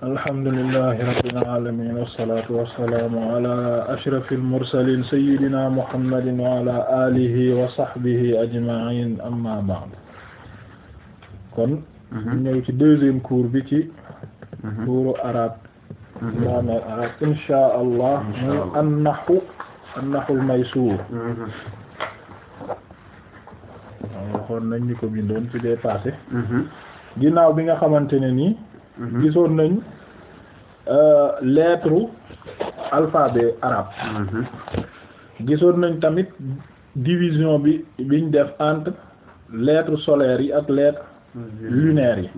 alhamdulilah rabbil aalamiin wassalaatu wassalaamu ala ashrafil mursaliin sayyidina muhammadin wa ala aalihi wa sahbihi ajma'iin amma ba'd kon. ñëw ci deuxième cours bi ci. cours arabe. maanaam arabe inshaa Allah. muy an-nahwu an-nahwul maysuur. Mm-hmm. waxoon nañ ñu ko bindoon ci dépassé. Mm-hmm. ginnaaw bi nga xamante ne nii. Mm-hmm. gisoon nañu euh, lettre alphabet arabe mm-hmm. gisoon nañ tamit division bi biñ def entre lettre solaire yi ak lettre mm-hmm. lunaire yi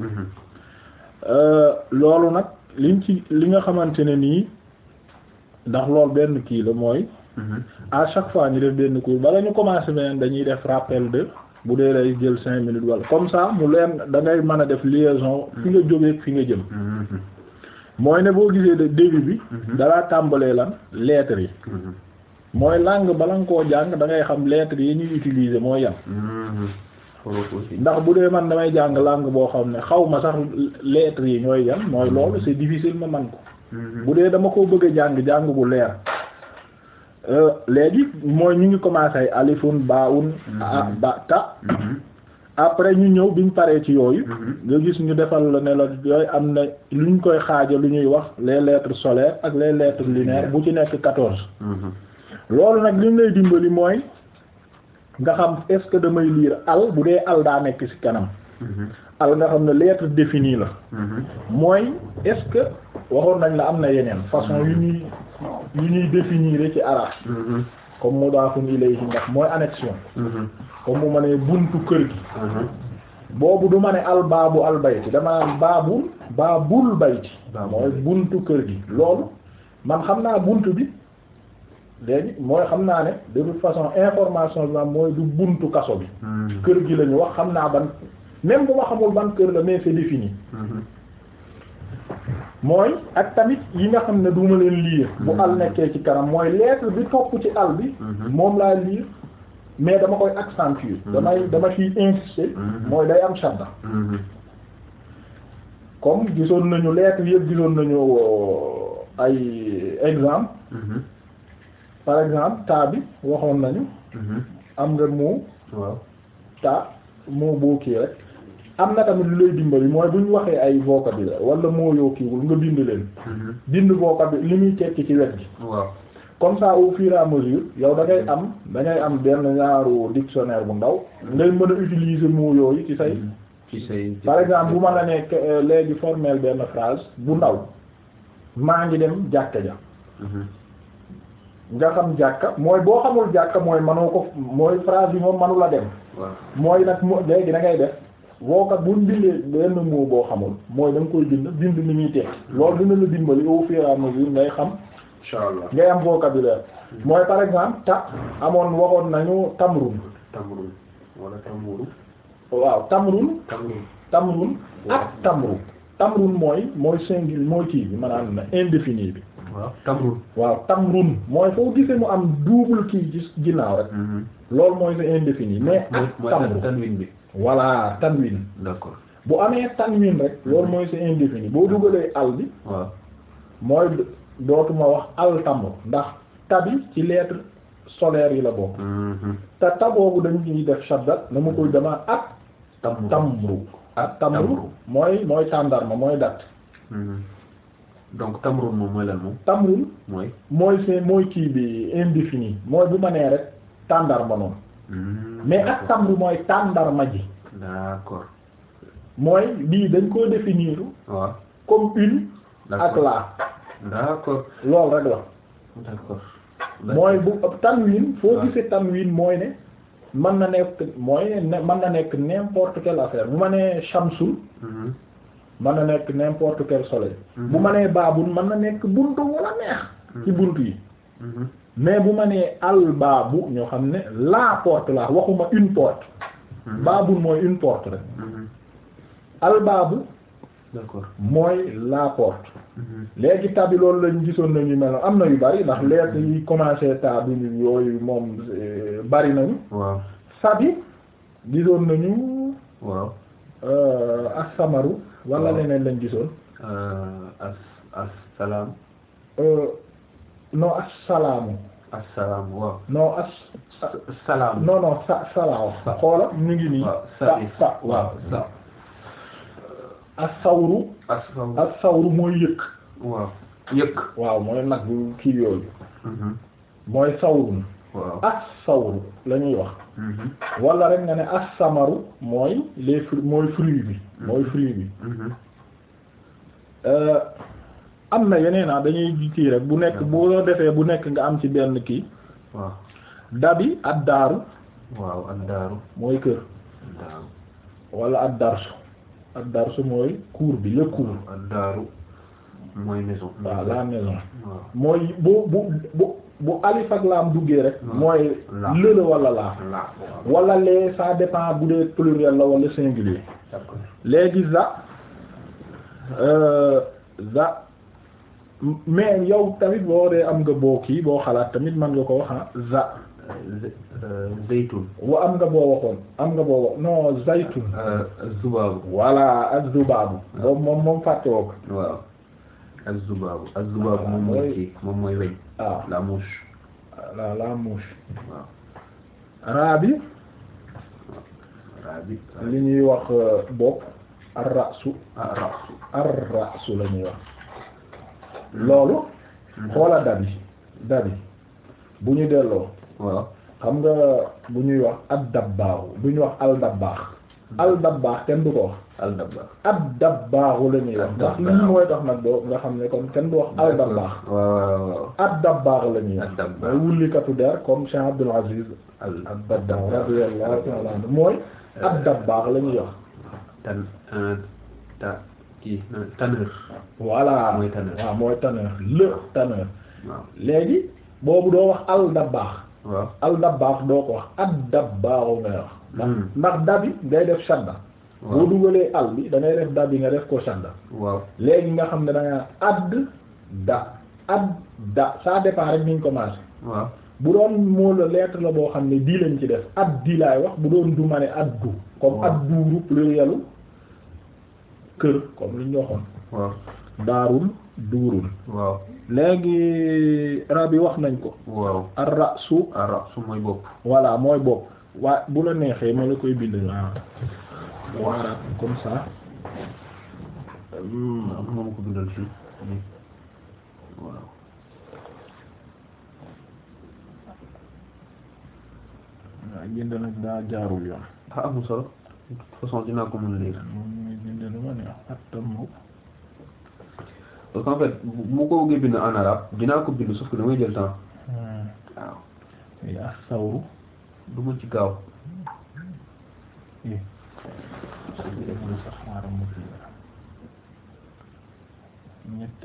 euh, loolu nag liñ ci li nga xamante ne nii ndax loolu benn kii la mooy à chaque fois ñu def benn cours bala ñu commencer beneen dañuy def rappel de bu dee day jël cinq minutes wala comme ça mu leen da ngay mën a def liaison fi nga jógee fi nga jëm mooy ne boo gisee de début bi mhm. dalaa tàmbalee lan lettres yi mhm. mooy langue bala nga koo jàng da ngay xam lettres yi ñuy utiliser mooy yan mhm. ndax bu dee man damay jàng langue boo xam ne xaw ma sax lettres yi ñooy yan mooy loolu c'est difficile ma man ko bu dee dama koo bëgg jàng jàng bu leer Euh, léegi mooy ñu ngi commencé alifun baawun mhm. a ba ta mhm. après ñu ñëw biñ paree ci yooyu mhm. nga gis ñu defal la ne la yooyu am na lu ñu koy xaaja lu ñuy wax les lettres solaires ak les lettres lunaires bu ci nekk quatorze loolu nag li ñu lay dimbali mooy nga xam est-ce que damay liir àll bu dee al daa nekk ci kanam al nga xam ne lettre définie la mooy est waxoon nañ la am na yeneen façon yu ñuy yu ñuy définir ci arab mm-hmm. comme mudaafun ilayhi ndax mooy annexion mm-hmm. comme mu ma ne buntu kër gi mm-hmm. boobu du ma ne al baabu al bayti dama naan baabu baabul bayti mooy buntu kër gi loolu man xam naa buntu bi léegi mooy xam naa ne de toute façon information bi ma mooy du buntu kaso bi kër gi lañu wax xam naa ban même bu ma xamul ban kër la mais c'est défini mooy ak tamit yi nga xam ne du ma leen liir bu al hmm. nekkee ci kanam mooy lettre bi topp ci àll bi hmm. moom laa liir mais dama koy accentuer hmm. damay dama fii insister mooy day am shadda comme gisoon nañu lettre yëpp gisoon nañu euh, ay exemple par exemple ta bi waxoon nañu am nga moo ta moo boo rek am na tamit lu lay dimbali mooy bu ñu waxee ay vocabulaire wala moo yoo kiiwul nga bind leen. Mhm. bind vocabulaire li muy tekki ci wet gi. waaw comme ça au fur mesure yow dangay am da am benn ñaaru dictionnaire bu ndaw. Mhm. ngay mën a utiliser moo yooyu ci say. Mhm. par exemple bu ma la nekk euh, léegi formel benn phrase bu ndaw maa ngi dem jàkka ja. nga xam jàkka mooy boo xamul jàkka mooy manoo ko mooy phrase bi moom manula dem. mooy nag léegi da ngay def. boo ko bu bindee benn mot boo xamul mooy da koy bind bind ni muy teg loolu dina la dimbali au fur et à ngay xam. incha allah ngay am vocabulaire. Mm. mooy par exemple ta amoon waxoon nañu tamrun. tamrun wala tamrun. waaw tamrun. tamrun tamrun mooy mooy singulier mooy kii bi maanaam na indéfini bi. tamrun waaw tamrun mooy foo gisee mu am double kii ci ginnaaw rek mm-hmm. lool mooy c'est indéfini mais ak tamrun tanwin bi voilà bu amee tanwin rek loolu mooy c'est indéfini boo dugalee al bi waaw mooy dootuma wax al tamr ndax tabi ci lettre solaire yi la bokk mm-hmm. ta taboobu dañ ciy def shadda na ma koy dama at tamru tamru ak tamru mooy mooy tàndarma mooy dat mm-hmm. donc tamrun moom mooy lan moom. tamrun mooy. mooy c'est mooy kii bi indéfini mooy bu ma nee rek tàndarma noonu. Hmm, mais ak tamru mooy tàndarma ji. d'accord. mooy bii dañ koo définir. waaw comme une. ak la. d'accord loolu rek la. d'accord mooy bu tanwin. foo gisee tanwin mooy ne. mën na nekk mooy ne na nekk n'importe quelle affaire bu ma nee Shamsul. Hmm. man na nekk n'importe quel soleil mhm. bu ma nee baabun mën na nekk buntu wala neex ci mhm. buntu yi mhm. mais bu ma nee al baabu ñoo xam ne la porte la waxuma une porte baabun mooy une porte rek al baabu mooy la porte léegi tabi loolu lañu gisoon nañu melo am na yu bari ndax lettre yi commencé tabi yooyu moom euh, bari nañu sabi gisoon nañu waaw euh, asamaru wala leneen lañ gisoon. Euh, as as salaam. Euh, non as salaamu. as salaam waaw. non as. salaam non non sa salaam. xoola ñu ngi nii. sa sa waaw sa. Euh, as sawru. as sawru mooy yëkk. waaw yëkk. waaw mooy nag kii yooyu. Mm-hmm. mooy sawru. waaw as-sawru la wax. Mm-hmm. wala rek nga ne as-samaru mooy les fruits mooy fruit bi. Mm-hmm. mooy fruit mm-hmm. euh, am na yeneen ah dañuy kii rek bu nekk bu loo defee bu nekk nga am ci benn kii. waaw dabi ad-daaru. waaw mooy kër. ad-daaru. wala ad-darsu. ad-darsu mooy cours bi le cours. ad la maison. mooy bu bu bu. bu alif ak laam duggee rek mooy lëla wala laa wala lee ça dépend bu dee pluriel la wala singulier léegi euh, za mais yow tamit boo dee am nga boo kii boo xalaat tamit man nga ko wax ah, za euh, zaytun wa am nga boo waxoon am nga boo wax non zaytun euh, zubaabu voilà ak zubaabu ah. moom moom fàtte ko azubaabu azubaabu moom mooy ah, kii moom mooy weñ waaw ah. la mouche ah, la la mouche raabi raabi li ñuy wax euh, bopp ar-ra'su ar-ra'su ar-ra'su la ñuy wax hmm. loolu hmm. xoola dabi dabi bu ñu delloo waaw xam nga bu ñuy wax ad-dabbaahu bu ñuy wax al-dabbaax al dabbaax kenn du ko wax. al dabbaax ab dabbaaxu la ñuy wax. ndax lii mooy tax nag doo nga xam ne kon kenn du wax al dabbaax. waaw waaw waaw. la ñuy wax. ab dabbaax mooy wullikatu der comme Cheikh Abdul Aziz. al dabbaax radiyallahu ta'ala anhu mooy. ab la ñuy wax. tan euh, ta kii euh, tanneur. voilà mooy tanneur waaw mooy tanneur le tanneur. léegi boobu doo wax al dabbaax. waaw al dabbaax doo ko wax ad dabbaaxu ngay wax hmm. ndax ndax dabi ngay def shadda boo dugalee al bi da ngay def dabi nga def ko shadda waaw léegi nga xam ne da nga da ad da ça dépend rek ni ñu commencé waaw bu doon moo la lettre la boo xam ne dii leen ci def ad di laay wax bu doon du ma ne ad du comme ad duuru plurielu kër comme li ñu waxoon waaw daarul duurul waaw léegi rab yi wax nañ ko. waaw ar-ra'su. ar mooy bopp. voilà mooy bopp waa bu la neexee ma la koy bindal. Ah. waaw waaw comme ça. Hmm, am ko bindal fii waaw. waaw bind nag daa jaarul yoon. ah amul de toute façon dinaa ko mën a ah, moom mooy bind lu ma neex at tam parce qu'en fait bu ko bëggee bind en arabe dinaa ko bind sauf que damay jël temps. Hmm. waaw. oui ak sawru. du ma ci gaaw.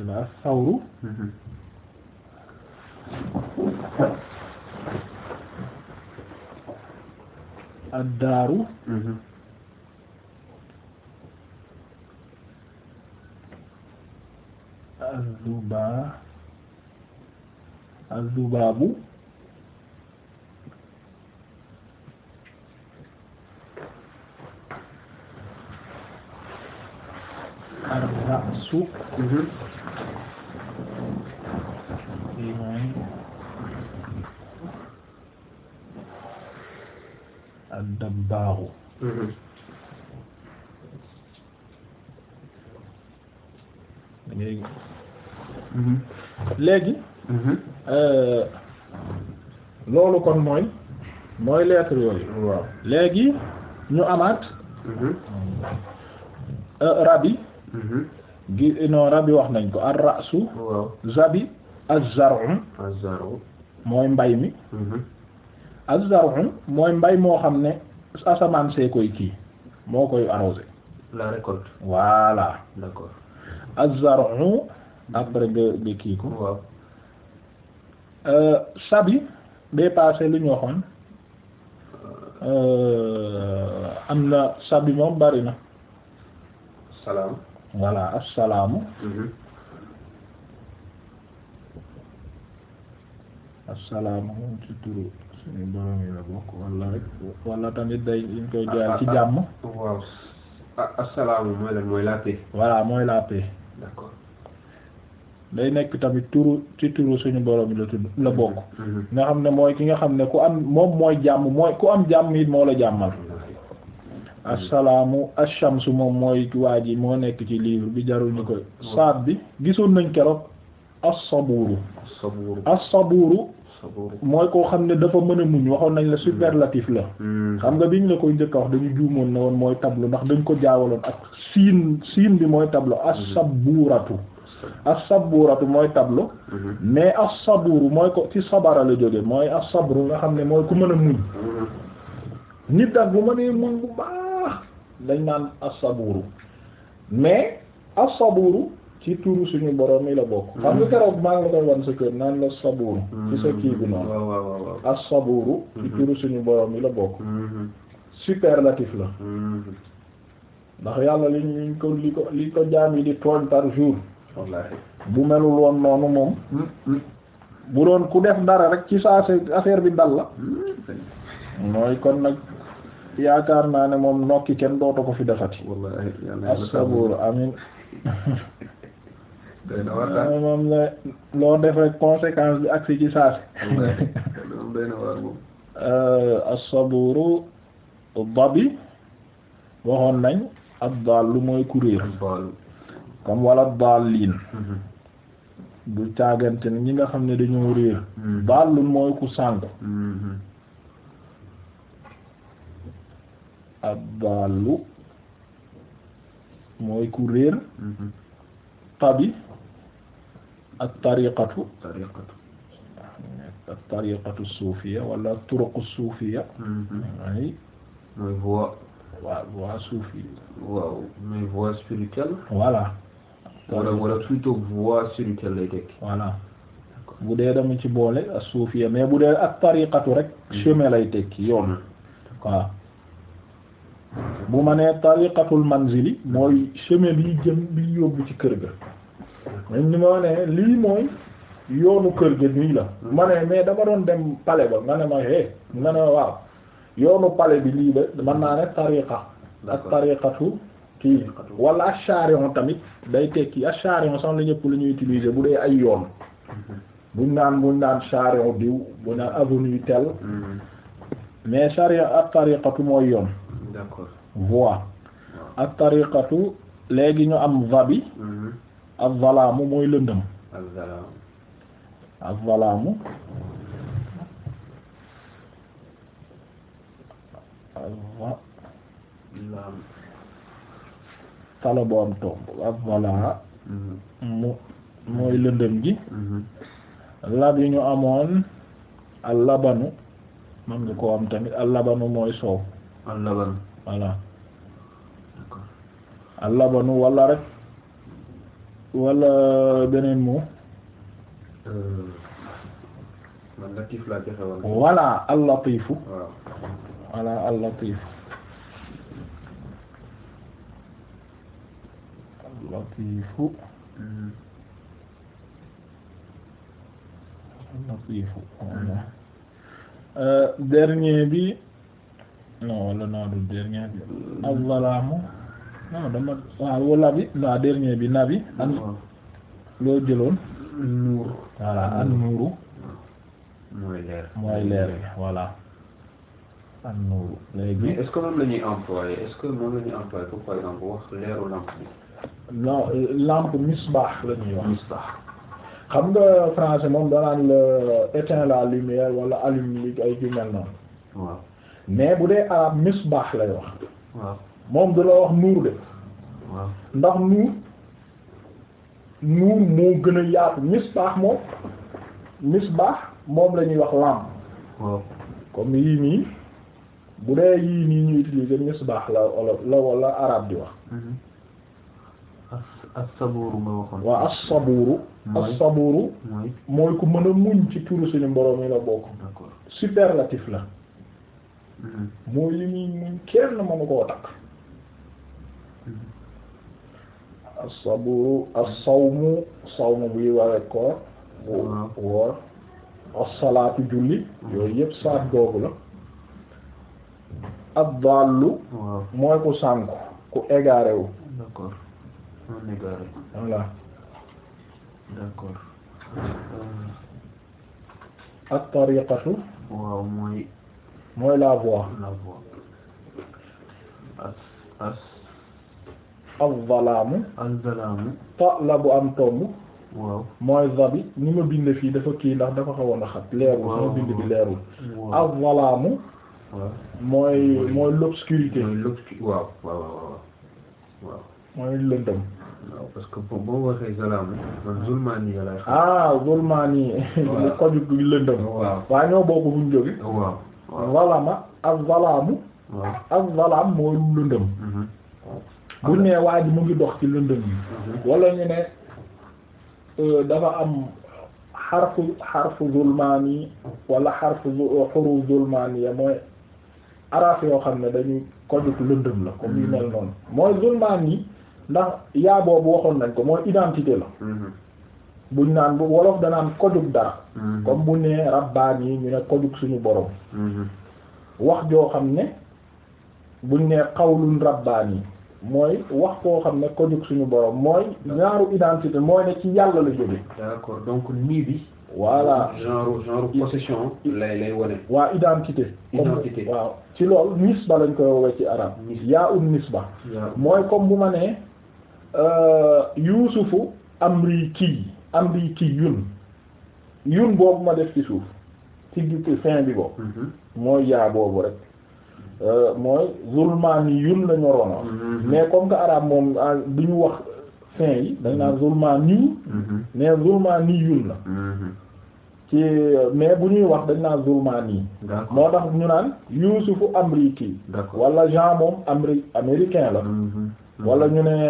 la ak sawru. Mhm. ak daaru. Mhm. azubaabu ar-ra'su mhm. kon mooy mooy lettre yooyu léegi ñu amaat mm-hmm. euh, rabi mm-hmm. gi non rabi wax nañ ko ar rasu zabi az-zar'u mooy mbay mi mm-hmm. az-zar'u mooy mbay moo xam ne asamaan see koy kii moo koy arrosé la récolte voilà d'accord après nga nga kii ko euh, sabi dépassé lu ñu waxoon euh, am na sabi moom bari na salaam voilà assalaamu mhm. assalaamu moom ci turu suñu borom yi la bokk wala rek wala tamit day ñu koy ah, joyal ci ah, ah. jàmm waaw assalaamu mooy lan mooy la paix voilà mooy la paix day nekk tamit turu ci turu suñu borom la tudd la bokk mm-hmm. nga xam ne mooy ki nga xam ne ku am moom mooy jàmm mooy ku am jàmm it moo la jàmmal assalaamu ashamsu moom mooy waa ji moo nekk ci livre bi jarul ñu koy bi gisoon nañ keroog assabuuru assabuuru mooy koo xam ne dafa mën a muñ waxoon nañ la superlatif la mm-hmm. xam nga biñ la koy njëkk a wax dañu juumoon na woon mooy tablu ndax dañ ko jaawaloon ak siin siin bi mooy tableau assabuuratu as-saburatu mooy tableau mhm. mais as-saburu mooy ko ci sabara la jóge mooy as-sabru nga xam ne mooy ku mën a muñ mhm. nit daal bu mënee muñ bu baax dañ naan ak saburu mais as-saburu ci turu suñu borom yi la bokk xam nga mhm. keroog maa ngi la la superlatif la ndax yàlla li ñu ko li ko li ko jaam yi di tooñ par jour bu melul woon noonu moom bu doon ku def dara rek ci saa affaire bi dal la mooy kon nag yaakaar naa ne moom nokki kenn dootu ko fi defati as-sabur amin moom la loo def rek conséquence bi agsi ci saa si euh, as-saburu waxoon nañ ab daal lu mooy kuréer comme wala daalliin mhm. du caagante ne ñi nga xam ne dañoo réer mhm. dallun mooy ku sànk mhm. ab dallu mooy ku réer tabi ak tariqatu tariqatu ak tariqatu suufiya wala turuqu suufiya mooy mooy voie voie spirituelle voilà wala wala plutôt voie sur laquelle lay tekki voilà bu dee dama ci boole as-suufiya mais bu dee ak tariqatu rek hmm. chemin lay tekki yoon waaw bu ma nee tariqatul manzili mooy chemin bi jëm bi yóbbu ci kër ga même ni ma nee lii mooy yoonu kër ga nii la hmm. ma ne mais dama doon dem pale ba nga ne ma hé eh, nga ne waaw yoonu palais bi lii la mën naa ne tariqa ak tariqatu kii wala acharion tamit day tekki acharion ah, sax la ñëpp lañu ñuy utiliser bu dee ay yoon buñ naan buñ naan charion diw buñ naan avenue tel mm-hmm. mais charion at tariqatu mooy yoon voie at tariqatu léegi ñu am va bi mm-hmm. az-zalaamu mooy lëndëm az-zalaamu az-zalaamu az masala bu am tomb ak ah, mm-hmm. mu mooy lëndëm gi mm-hmm. lab yu ñu amoon al labanu man nga koo am tamit al mooy soow al labanu voilà al labanu rek wala beneen mu euh, man latif laa joxe latiifu latiifu uh, dernier bi non wala naa du dernier bi azzalaamu non dama waaw wala bi dernier bi nabi loo jëloon nuur voilà an nuuru mooy leer mooy leer bi nuuru léegi est-ce moom lañuy employer est moom lañuy employer pour par exemple wax leeru lamp bi lampe misbaax baax ñuy wax misbaax xam nga français moom danaan la éteins la lumière wala allume li ay ju mel mais bu dee arab misbaax lay wax waaw moom du la wax nuur de waaw ndax nuur nuur moo gën a yaatu misbaax moom misbaax moom la ñuy wax lampe waaw yii nii bu dee yii nii ñu utiliser misbaax la la wala arab di wax mm-hmm. as-sabuuru mooy ku mën a muñ ci turu suñu borom yi la bokk. d'accord superlatif la. Mm-hmm. mooy li muy muñ kenn mënu koo takk. Mm-hmm. as-sabuuru as-sawmu sawmu buy waree koor. waaw woor. as-salaatu julli. Mm-hmm. yooyu yëpp saat googu la. ad-daallu. mooy ku sànku ku égaré wu. un égaré. voilà. d'accord. Euh, ak tariqatu. waaw mooy. mooy la voie. la voie. as as. az-zalaamu. az bu am tomb. mooy zabi ni ma bind fii dafa kii ndax dafa xawoon a xat leerul sama bind bi leerul az-zalaamu mooy mooy l'obscurité waaw waaw waaw waaw mooy lëndëm waaw parce que boo waxee zalaam zulmaani yi laay. ah lëndëm. waaw ñoo bokk fu ñu jóge. waaw zalama ak zalaamu. waaw ak mooy lëndëm. Mhm. bu nee waa ji mu ngi dox ci lëndëm yi. Mhm. wala ñu ne euh, dafa am xarfu xarfu zulmaani wala xarfu xuru zulmaani ya mooy araf yoo xam ne dañuy ko jug lëndëm la comme yu mel noonu mooy zulmaani. ndax yaa boobu waxoon nañ ko mooy identité la mm-hmm. buñ naan bu wolof danaan kojug dara mm-hmm. comme bu ne rabbaan yi ñu ne kojug suñu borom mm-hmm. wax joo xam ne buñ ne xawlun rabbaan yi mooy wax koo xam ne kojug suñu borom mooy genre identité mooy ne ci yàlla la jóge d'accord donc nii bi voilà genre genre possession lay lay wone waa identité identité waaw ci lool nisba lañ koy woowee ci arab yaa un nisba mooy comme bu ma nee Euh, yuusufu amri kii amri kii yun yun boobu ma def ci suuf ci gis fin bi boobu mhm. mooy yaa boobu rek euh, mooy zulmaani yun la ñoroon mhm. mais comme que arabe moom ah, duñu wax fin yi dañ naan mhm. zulmaani mais zulmaani yun la euh, mais bu ñuy wax dañ naan zulmaani moo tax ñu naan yuusufu amri kii wala Jean moom amri américain la wala mhm. ñu ne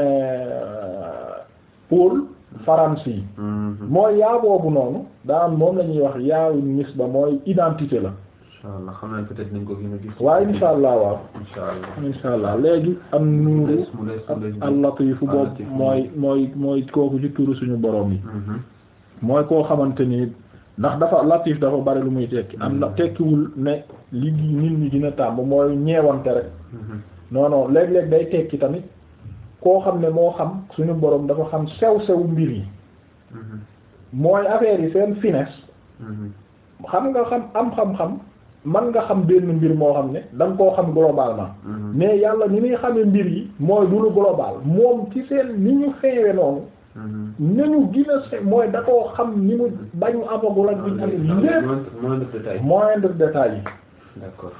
pôle faransi yi mhm. mooy yaa boobu noonu daa am moom la ñuy wax yaawu nisba mooy identité la inshallah xam naa peut ko gën gis waaye inshallah waaw inshallah allah léegi am nuuru al fu boobu mooy mooy mooy kooku ci turu suñu boroom yi mhm. mooy koo xamante ni ndax dafa latif dafa bari lu muy tekki am na tekkiwul ne li nit ñi dina tàmb mooy ñeewante rek non non léeg day tekki tamit koo xam ne moo xam suñu borom dafa xam sew-sew mbir yi mhm. mooy affaire yi seen finesse mhm. xam nga xam am xam-xam man nga xam benn mbir moo xam ne da koo xam globalement mhm. mais yàlla ni muy xamee mbir yi mooy du lu global moom ci seen ni ñu xeewe noonu nañu gën se mooy da koo xam ni mu bañu amagul ak biñu am lépp moindre détail yi d'accord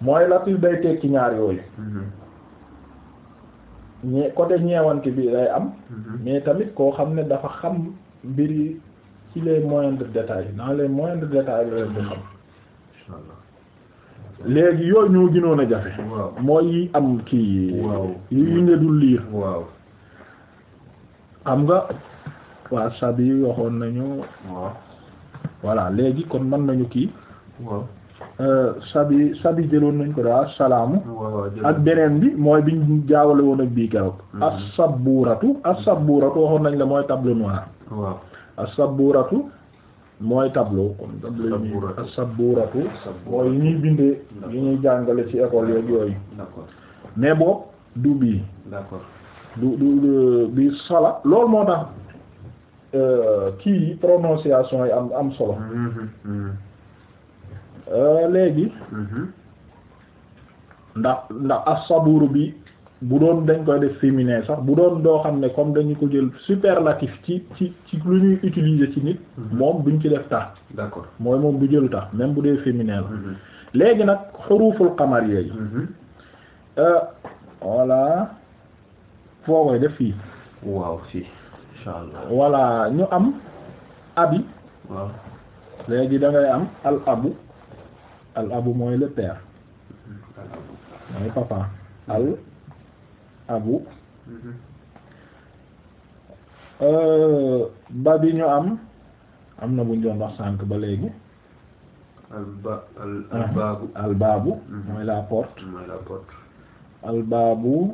mooy latif day tekki ñaar yooyu ñe côté ñeewante bi lay am mm-hmm. mais tamit koo xam ne dafa xam mbiri ci les moyens de détail dans les moyens de détail la leen di xam léegi yooyu ñoo gënoon a jafe mooy am kii yi nga du liir waaw xam nga waa sab waxoon nañu voilà léegi kon mën nañu kii Euh, sabi sabi jëloon nañ ko a assalaamu ak beneen bi mooy biñ jaawale woon ak bii keroog hmm. assaburatu assaburatu waxoon nañ la mooy tableau noir waaw assaburatu mooy tableau comme tableau yi assaburatu mooy yi ñuy bindee yi ñuy jàngale ci école yeeg yooyu mais boobu du bii d'accord du du bii sala loolu moo tax euh, kii prononciation yi am am solo hmm, hmm, Euh, léegi mhm. ndax ndax as-saburu bi bu doon dañ koy def féminin sax bu doon doo xam ne comme dañu ko jël superlatif ci ci ci lu ñuy utiliser ci nit mhm. moom duñ ci def tax d'accord mooy moom bu jël tax même bu dee féminin la mhm. léegi nag xuruful xamar yooyu euh, voilà foo koy def fii waaw si insha allah voilà ñu am abi waaw léegi da am al al abu mooy le mooy papa al abu euh, ba bi ñu am am na bu ñu doon wax sànk ba léegi alba al albaabu mhm. mooy la porte mooy la porte albaabu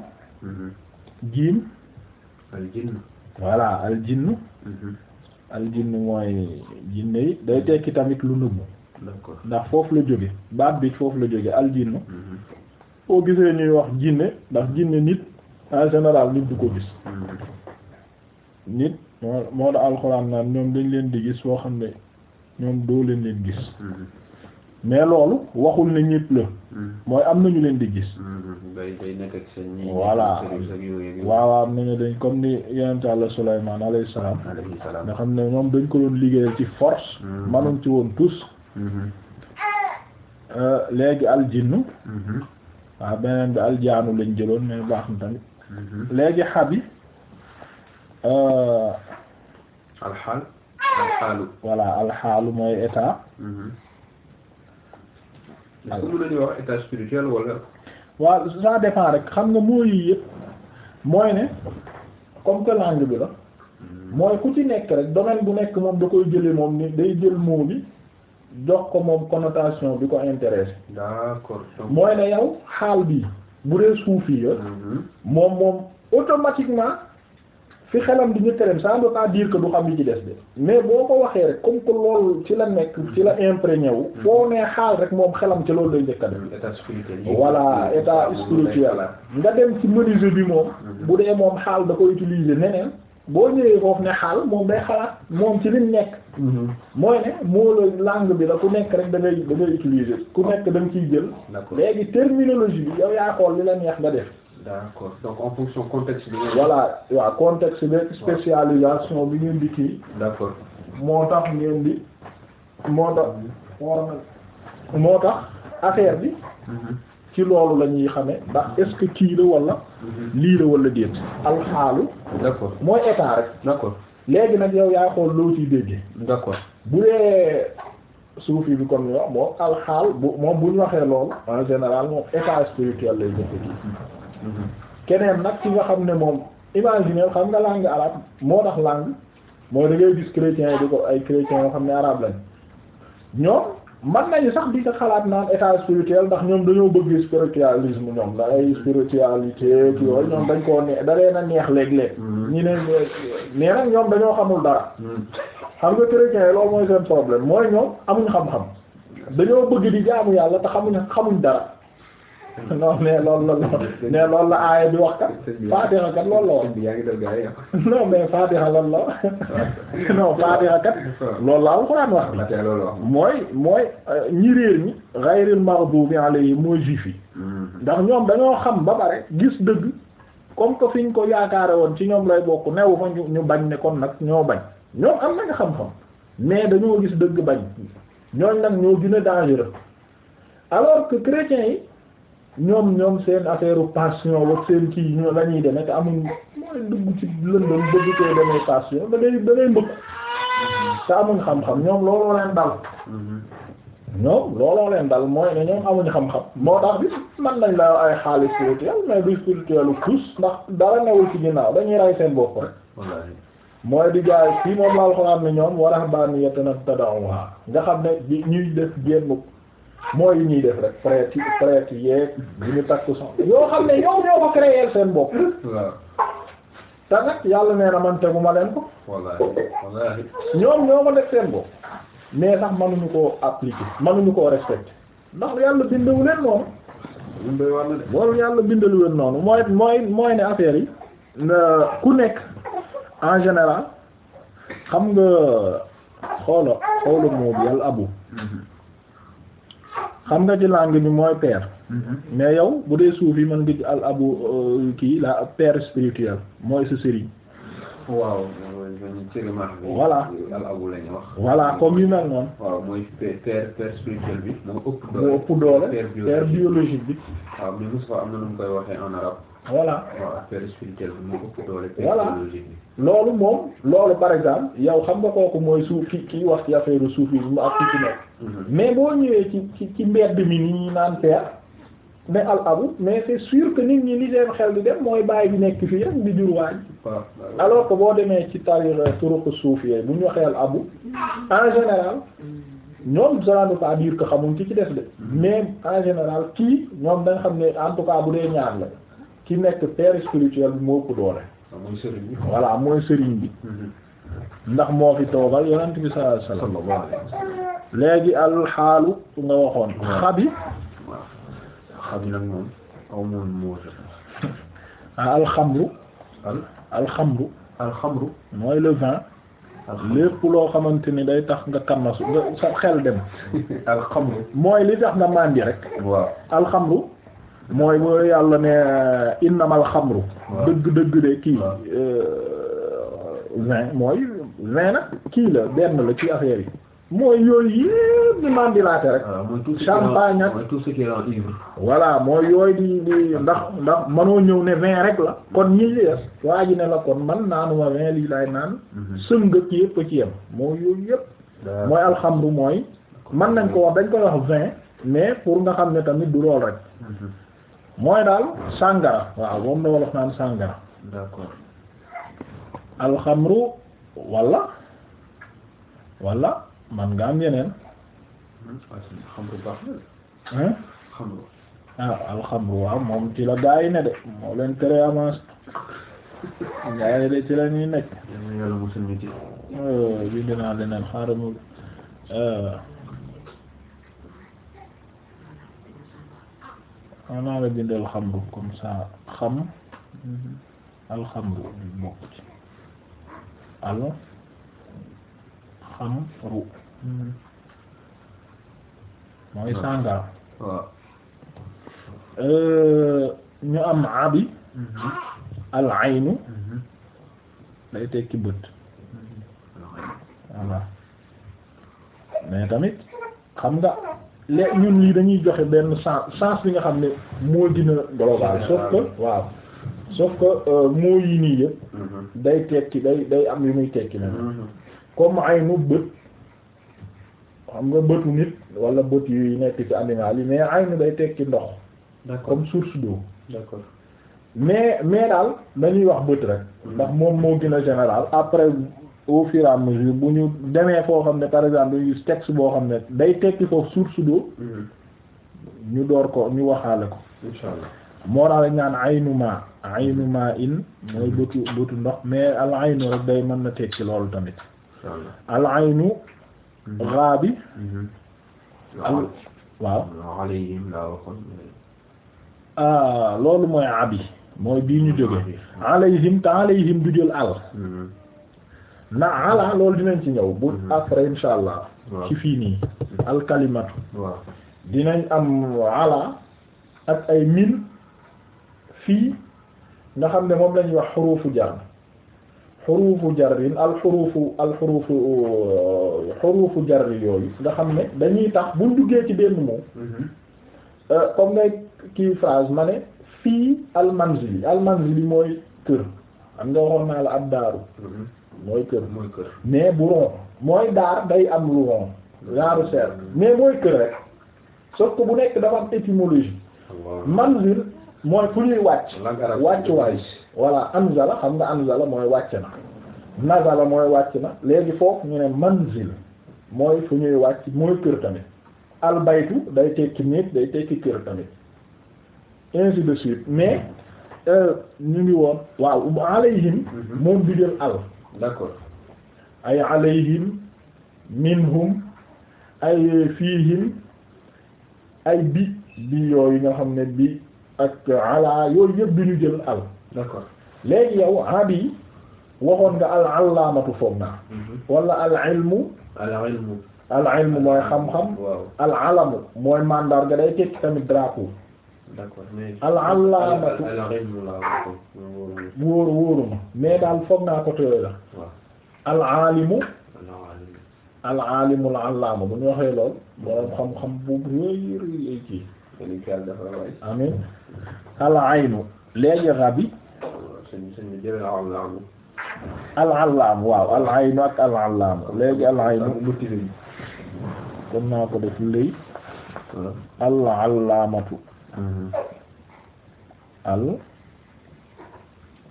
jiim mhm. aljinn voilà mhm. mooy jinne yi day tekki tamit lu nëbbu d'accord ndax foofu la jóge baat bi foofu la jóge aljinnu mhm. boo gisee ñuy wax jinne ndax jinne nit en général nit du ko gis mhm. nit moo moo tax alxuraan naan ñoom dañ leen di gis foo xam ne ñoom doo leen leen gis mhm. mais loolu waxul ne ñépp la mooy am na ñu leen di gis voilà waaw am nañu dañ comme ni yonent Yàlla Sulaymaan alayhi salaam nga xam ne ñoom dañ ko doon liggéeyal ci force manuñ ci woon tous Mm-hmm. Uh, léegi aljinnu waaw mm-hmm. ah, beneen bi aljaanu lañ jëloon mais baax na tamit mm-hmm. léegi xabi uh, alxaal alxaalu voilà alxaalu mooy état lu spirituel wala waaw ça dépend rek xam nga mooy yëpp mooy ne comme que langue bi la mooy ku ci nekk rek domaine bu nekk moom da koy jële moom ni day jël mot bi jox ko moom connotation bi ko intéressé. d'accord mooy ne yow xaal bi bu dee suufi ya mhm. moom moom automatiquement fi xelam di ñu tereem ça ne veut pas dire que du xam mais boo ko waxee rek comme ci la nekk ci la mhm. imprégné wu. Mhm. foo nee rek moom xelam ci loolu lay njëkk a def. état spirituel voilà état nga dem ci menuisier bi moom. bu dee moom xaal da ko utiliser neneen. boo ñëwee foofu ne xaal moom day xalaat moom ci lim nekk. Mhm. mooy ne moo la langue bi la ku nekk rek da ngay da ngay ku nekk da nga ciy jël. d'accord léegi terminologie bi yow yaa xool li la neex nga def. d'accord donc en fonction contexte bi. voilà waaw contexte bi spécialisation bi ngeen di kii. d'accord moo tax ngeen di moo tax. Mhm. moo tax affaire bi. Mhm. ci loolu la ñuy xamee ndax est-ce que kii la wala mhm. lii la wala déet alxaalu d'accord mooy état rek d'accord léegi nag yow yaa xool loo ciy déggee d'accord bu dee suufi bi kon yo moom alxaal bu moom bu ñu waxee loolu en général moom état spirituel lay jëfe kii mhm. keneen nag ci nga xam ne moom imaginer xam nga langue arabe moo tax langue mooy da ngay gis chrétiens yi di ko ay chrétiens yoo xam ne arabe lañ ñoom man nañu sax di ko xalaat naan état spirituel ndax ñoom dañoo bëgg spiritualisme ñoom da ay spiritualité yooyu ñoom dañ koo ne da na a neex léeg-léeg mm-hmm. ñi ne nee nag ñoom dañoo xamul dara mm-hmm. xam nga chrétiens yi loolu mooy seen problème mooy ñoom amuñ xam-xam dañoo bëgg di jaamu yàlla te xamuñ xamuñ dara non mais lool la lool la aaya bi wax kat Fatiha kat loolu la wax ah. non mais Fatiha loolu la non Fatiha kat la wax mooy mooy euh, ñi réer ñi ghayril maghdubi alayhim mooy juif yi mm-hmm. ndax ñoom dañoo xam ba pare gis dëgg comme que fi ñu ko yaakaare woon ci ñoom lay bokk new fa ñu ñu bañ ne kon nag ñoo bañ ñoom am na nga xam-xam mais dañoo gis dëgg bañ ñooñ nag ñoo gën a dangereux alors que yi ñoom ñoom seen affaire passion wak seen kii ñoo la ñuy deme te amuñ mooy dugg ci lëndëm bëgg koy demee passion da ngay da ngay mbëkk te amuñ xam-xam ñoom looloo leen dal ñoom looloo leen dal mooy ne ñoom amuñ xam-xam moo tax bi man nañ la ay xaalis spirituel mais du spirituel u tous ndax dara newul ci ginnaaw dañuy ray seen bopp rek mooy di gaay fii moom la alxuraan ni ñoom wa rahbaaniyatan ibtada'uuhaa nga xam ne ñuy def génn mooy li ñuy def rek freti freti yeeg li ñu takk son yoo xam ne ñoom ñoo ko créer seen bopp te nag yàlla nee na man tegu ma leen ko wallaahi wallaahi ñoom ñoo ko def seen bopp mais sax mënuñu koo appliquer mënuñu ko respecter ndax yàlla bindewu leen noonu loolu yàlla bindalu noonu mooy mooy mooy ne affaire yi ku nekk en général xam nga xoola xoola moo bi yàlla abu mhm. xam nga ci langue bi mooy père mm-hmm. mais yow bu dee suuf yi man nga al abu euh, kii la père spirituel mooy sa sëriñ waaw voilà al abu lañu wax voilà comme yu mel noonu waaw mooy père père spirituel bi moo ëpp doole ëpp doole père biologique bi waaw mi mos fa am na nu mu koy waxee en arabe voilà waaw père spirituel bi moo ëpp doole père biologique bi loolu moom loolu par exemple yow xam nga kooku mooy suuf ki kii wax ci affaire suuf yi mu ak ci ci nekk mhm. mais boo ñëwee ci ci ci mbedd mi ni ñuy naan peer ne al abu mais c'est sûr que nit ñi li seen xel di dem mooy bàyyi bi nekk fii rek di jur waañ alors que boo demee ci tari euh, turuq suuf yooyu bu ñu waxee al abu en général ñoom ça ne veut pas dire que xamuñ ci ci def de mhm. mais en général kii ñoom dañ xam ne en tout cas bu dee ñaar la ki nekk père spirituel bi moo ko doole mooy sëriñ bi voilà mooy sëriñ bi mm-hmm. ndax moo fi toogal yonent bi sallallahu alayhi wasallam léegi alxaalu nga waxoon xabi xabi nag moom aw moom moo ah, alxamru alxamru alxamru mooy le vin lépp loo xamante ni day tax nga kannasu nga sa xel dem alxamru mooy li tax nga màndi rek waaw alxamru mooy mooy yàlla ne euh, innamal xamru dëgg-dëgg de kii euh, vin mooy vin nag kii la benn la ci affaire yi mooy yooyu yëpp di mandilaate rek champagne ak voilà mooy yooyu di di ndax ndax manoo ñëw ne vin rek la kon ñi lees waa ji ne la kon man naanuma vin lii laay naan mhm. sënga ki yëpp ci yem mooy yooyu yëpp mooy alxamru mooy mën nañ ko wax dañ koy wax vin mais pour nga xam ne tamit du lool rek mhm. mooy daal sàngara waaw moom na naan sàngara alxamru wala wala man nga am yeneen xamru baax na xamru ah alxamru waaw moom ci la gaa ne de moo leen tere avance gaa yi de ci la nekk bind oh, naa leneen xaaral naa la bind alxamru comme ça xam alxamru al xamru mooy sàngara euh, ñu am abi mm-hmm. al aynu mm-hmm. day tekki bët mm-hmm. voilà mais tamit xam nga lé ñun lii dañuy joxe benn sens sens bi nga xam ne moo dina global sauf que waaw sauf que euh, moo yi nii yëpp mm-hmm. day tekki day day am yu muy tekki na mm-hmm. comme aynu bët xam nga bëtu nit walla bët yu nekk ci animal yi mais aynu day tekki ndox comme source d'eau d'accord mais mais daal dañuy wax bët rek mm-hmm. ndax moom moo gën a général après au fur et bu ñu demee foo xam ne par exemple dañuy gis boo xam ne day tekki foofu source d'eau mm-hmm. ñu door ko ñu waxaale ko inshallah moo tax lañ naan aynuma aynuma in mooy bëtu bëtu ndox mais al aynu rek day mën na tekki loolu tamit al aynu mm-hmm. raa bi mm-hmm. al waaw ah loolu mooy abi mooy bii ñu jóge alayhim te alayhim du jël al na ala loolu dinañ ci ñëw bu mm-hmm. après insha allah ci fii nii mm-hmm. alkalimatu dinañ am ala ak ay min fii nga xam ne moom lañuy wax xuruufu jar xuruufu jar al xuruufu al xuruufu euh, xuruufu jarri yooyu nga xam ne dañuy tax buñ duggee ci benn moom mm-hmm. euh, comme ngay kii phrase ma ne fii al manzili al manzili mooy kër am nga waxoon naa la ab daaru mooy kër mooy kër mais bu rond mooy daar day am lu rond genre cercle mm. mais mooy kër rek sauf que bu nekk dafa am étymologie manzil mooy fu ñuy wàcc wàccuwaay voilà anzala xam nga anzala mooy wàcc na nazala mooy wàcc na léegi foofu ñu ne manzil mooy fu ñuy wàcc mooy kër tamit albaytu day tekki nit day tekki kër tamit ainsi de suite mais mm. euh, ñu ngi woon waaw alayhim mm-hmm. moom bi jël al d'accord ay alayhim minhum ay fiihim ay bi bi yooyu nga xam ne bi ak ala yooyu yëpp bi ñu jël al d'accord léegi yow abi waxoon nga al allaamatu foog naa mhm. wala al ilmu al ilmu al ilmu mooy xam-xam al alamu mooy mandarga day tekki tamit drapeau d'accord mais. al-allaamatu wóoru wóoru ma mais daal foog naa ko tooyoo la. waaw al-aalimu. al-aalimu al-allaama bu ñu waxee lool. borom xam-xam bu rëy rëy kii. amiin. al-aynu. léegi rab yi. al-allaam waaw al-aynu ak al-allaam léegi al-aynu kon naa ko def léegi. al-allaamatu. Uh-huh. al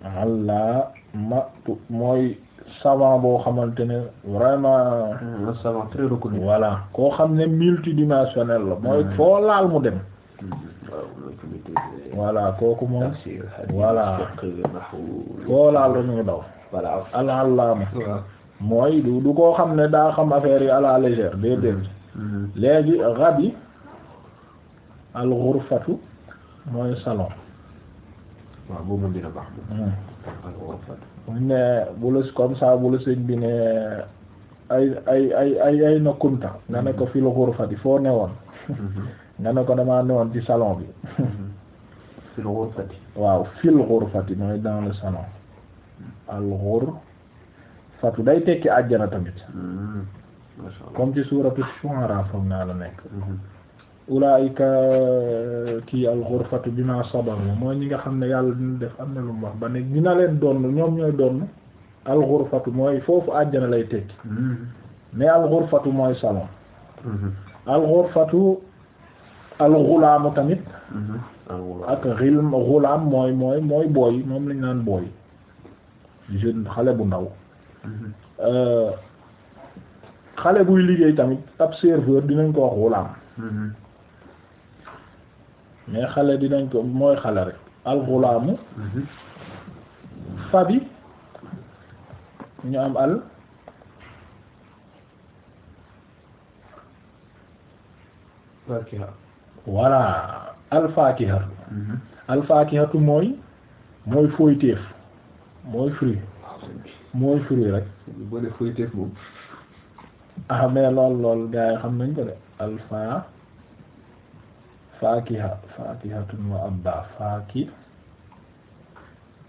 allamatu mooy savant boo xamante ne vraiment. Mm, le koo xam ne multidimensionnel la. mooy mm-hmm. foo laal mu dem. Mm-hmm. voilà kooku moom. voilà foo laal la ñu daw. voilà alallaama. mooy du du koo xam ne daa xam affaire yi à la légère déedéet. Mm-hmm. léegi rab yi. al ghurfatu mooy salon waaw hmm. ne bu la comme ça bu la ne ay ay ay ay ay nga ne ko fil ghurfati foo newoon mhm. nga ne ko damaa newoon ci salon bi mhm. fil ghurfati waaw fil ghurfati mooy dans le salon al ghurfatu day tekki àjjana tamit hmm. comme ci suuratu shu'ara foog naa la nekk mhm. ulaayika kii alxurfatu bima sabaru mooy ñi nga xam ne yàlla dina def am na lu mu wax ba ne dina leen donn ñoom ñooy donn alxurfatu mooy foofu àjjana lay tekki mm-hmm. mais alxurfatu mooy salon mm-hmm. alxurfatu alxulaamu tamit mm-hmm. ak xilm xulaam mooy mooy mooy booy moom lañ naan booy jeune xale bu ndaw euh, xale buy liggéey tamit ab serveur dinañ ko wax xulaam mais xale dinañ ko mooy xale rek alxulaamu fabi ñu am al fakiha voilà alfaakihatu mhm. alfaakihatu mooy mooy fooyteef mooy fruit ah, mooy fruit rek boo def fooyteef boobu ah mais lool lool gaa xam nañ ko de alfa faakiha faakihatun wa abba faaki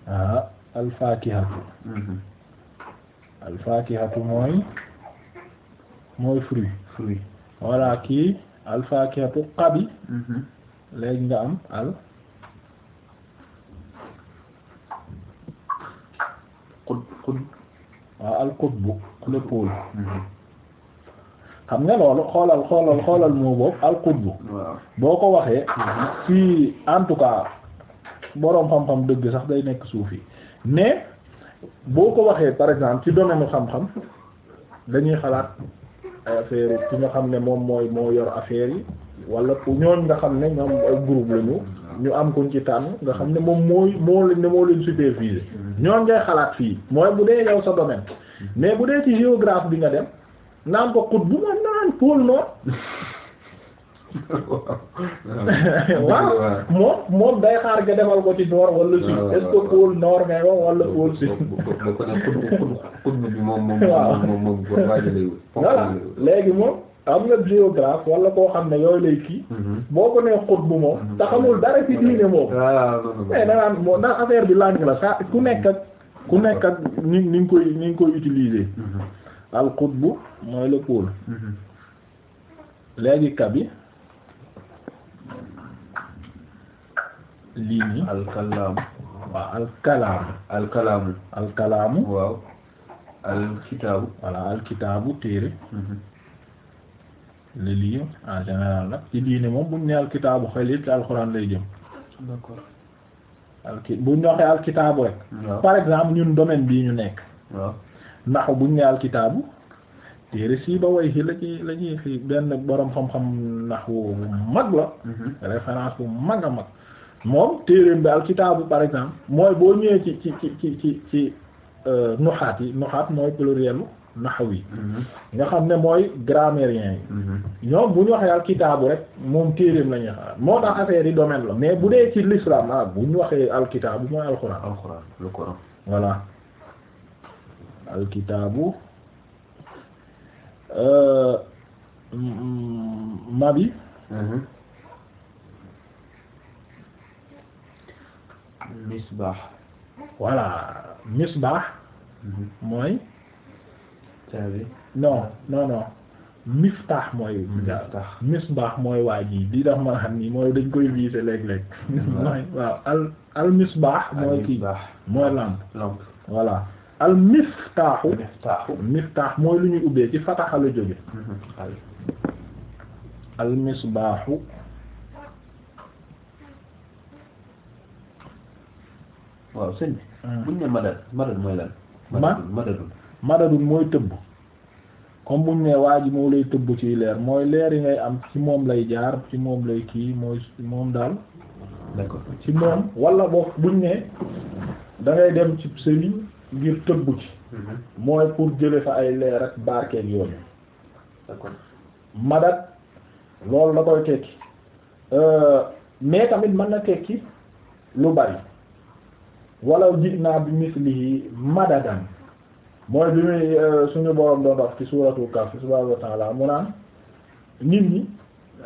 ah al faakihatu al faakihatu mooy mooy fruit fruit voilà kii al faakihatu qabi léegi am al qud qud waaw al qutbu le pôle xam nga loolu xoolal xoolal xoolal moo boobu alxutbu boo ko waxee fii en tout cas boroom xam-xam dëgg sax day nekk suufi mais boo ko waxee par exemple ci domaine xam-xam dañuy xalaat ay affaire ci nga xam ne moom mooy moo yor affaire yi wala pour ñooñ nga xam ne ñoom ay lañu ñu am kuñ ci nga xam ne moom mooy moo leen ne moo leen superviser ñooñ ngay xalaat fii mooy bu dee yow sa domaine mais bu dee ci géographe bi nga dem naan ko xut bu ma naan pôle nord waaw moom moom day xaar nga defal ko ci nord wala sud est-ce que pôle nord ngay wax wala pôle sud voilà léegi moom am nga géographe wala koo xam ne yooyu lay kii mhm. boo ko nee xut bu moom mhm. te dara ci diine moom mais danaan moom ndax affaire bi langue la saa ku nekk ak ku nekk ak ni ni koy ni nga koy utiliser mhm. al qutbu mooy le pôle mhm. léegi kabi lii nii alkalaamu waaw alkalaamu alkalaamu waaw alkitaabu voilà alkitaabu téere mhm. le livre en général nag ci diine moom buñ ne alkitaabu xel yëpp ci alxuraan lay jëm buñ waxee alkitaabu rek par exemple ñun domaine bii ñu nekk waaw naxu buñ ne alkitaabu téere si ba way si la ci la ñuy fi benn borom xam-xam naxu bu mag la mhm. référence bu mag a mag moom téereem bi alkitaabu par exemple mooy boo ñëwee ci ci ci ci ci ci euh, nuxaat yi nuxaat mooy pluriel naxaw yi mhm. nga xam ne mooy grammairien yi mhm. ñoom bu ñu waxee alkitaabu rek moom téereem la ñuy moo tax affaire yi domaine la mais bu dee ci l'islam ah bu ñu waxee alkitaabu mooy alxuraan alxuraan le Coran alkitaabu euh, mabi mm-hmm. misbaax voilà misbaax mm-hmm. mooy caabi non non non miftaax mooy misbaax mooy waa ji di dax ma xam ni mooy dañ koy viser léeg-léeg mooy waaw al al misbaax mooy kii mooy lampe lampe voilà al miftaaxu miftaax mooy lu ñuy ubbee ci fataxa la jóge mm-hmm. al misbaaxu waaw sëñ bi mm. buñ ne madad madad mooy lan madadul madadul mooy tëbb comme buñ ne waa ji moo lay tëbb ci leer mooy leer yi ngay am ci moom lay jaar ci moom lay kii moom daal d'accord ci moom wala boo buñ ne da dem ci sëriñ ngir tëbb ci mhm. mooy pour jële fa ay leer ak barkeeg yooyu madat loolu la koy tekki euh, mais tamit mën na tekki lu bari walaw ji naa bi mislihi madadan mooy bi muy euh, suñu borom doon wax ci suuratul Kahf subhaanahu wa ta'aala mu naan nit ñi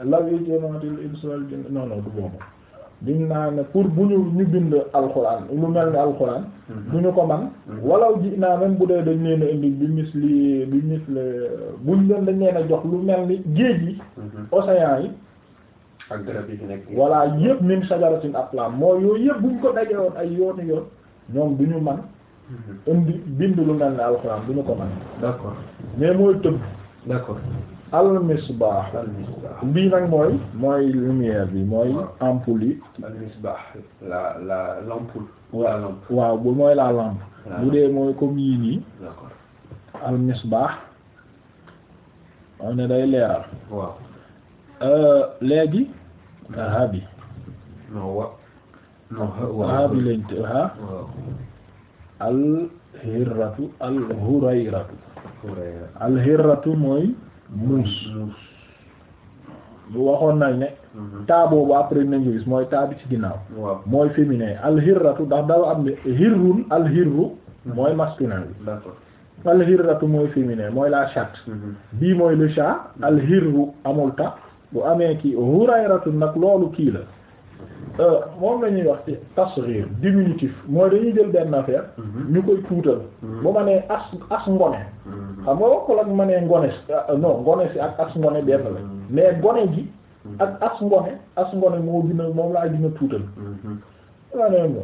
law yaj'alunatil insu wal jinna non non du boobu diñ naa ne pour bu ñu ñu bind alxuraan lu mel ni alxuraan mhm. du ñu ko man mhm. walaw ji naa même bu dee dañ leen a indi bi mis bi mis buñ leen dañ leen jox lu mel ni géej yi mhm. océan yi ak garab yi fi nekk voilà yëpp min sajaratin aqlam mooy yooyu yëpp buñ ko dajee ay yooni yoon ñoom du ñu man indi bind lu mel ne alxuraan du ñu ko man d'accord mais mooy tëb al misbah bii nag mooy mooy lumière bi mooy ampoule yi al misbah la la l'ampoule la lampe waaw bu mooy la lampe bu dee mooy comme yii nii al misbah am ne day leeral waaw euh, habi habi lañ ha al hirratu al hurayratu al hirratu mooy mu waxoon nañ ne mhm. taa boobu après nañu gis mooy taa bi ci ginnaaw mooy féminin alxirratu ndax dafa am ne xirrun alxirru mooy mhm. masculin bi alxirratu mooy féminin mooy la chatte mhm. bii mooy le chat alxirru amul ta bu amee ki hurayratu nag loolu kii la Euh, moom la ñuy wax ci tasghir diminutif mooy dañuy jël benn affaire mhm. ñu koy tuutal mhm. bu ma nee as as ngone mhm. xam nga wokkul ak ma nee ngone si ah, as ngone benn la mais ngone gi ak as ngone as ngone moo gën moom laa gën a tuutal ma ne moom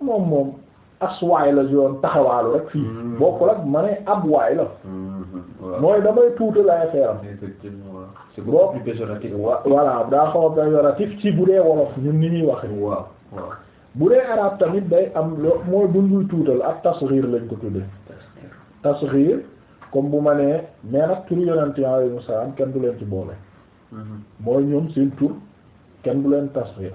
moom moom aswaay la yoon taxawaalu rek fii hmm. bokkul ak ma ne ab waay la hmm. Hmm. mooy damay tuuti la affaire am daa xaw a ci bu dee wolof ñun ni ñuy waxe waaw bu dee arab tamit day am loo mooy bu ñuy tuutal ak tasghir lañ ko tudde tasghir comme bu ma nee mais nag turu yonent yi alayhimu kenn du leen ci boole mooy ñoom seen tur kenn du leen tasghir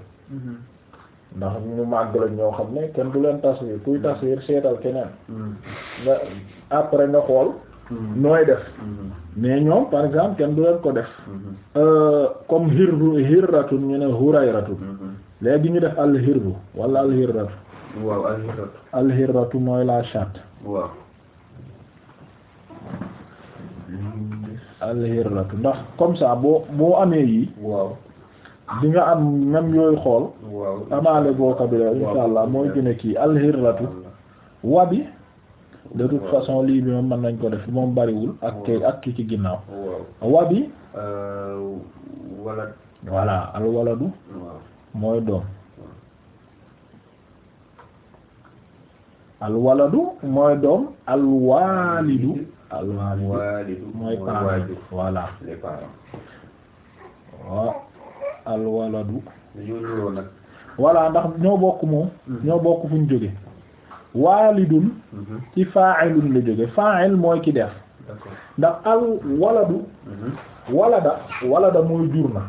ndax ñu màgg lañ ñoo xam ne kenn du leen taswiir kuy taswiir seetal keneen mm. nga après nga xool mm. nooy def mm. mais ñoom par exemple kenn du leen ko def mm-hmm. euh, comme hirru hirratun ñu ne hurayratun mm-hmm. léegi ñu def àll hirru wala àll hirratu waaw al hirratu al mooy la chatte waaw al hirratu ndax comme ça boo boo amee yi waaw di am même yooy xool amaale boo kabila insha allah mooy gën kii alxirratu wabi de toute façon lii bi moom mën nañ ko def moom bariwul ak kay ak ki ci ginnaaw wabi euh, walad voilà al waladu mooy doom al mooy doom al mooy parent voilà waaw alwaladu voilà ndax ñoo bokk moom mm-hmm. ñoo bokk fu ñu jóge waalidun mm-hmm. ci fa'ilun la jóge fa'il mooy ki def ndax al waladu mm-hmm. walada walada mooy jur na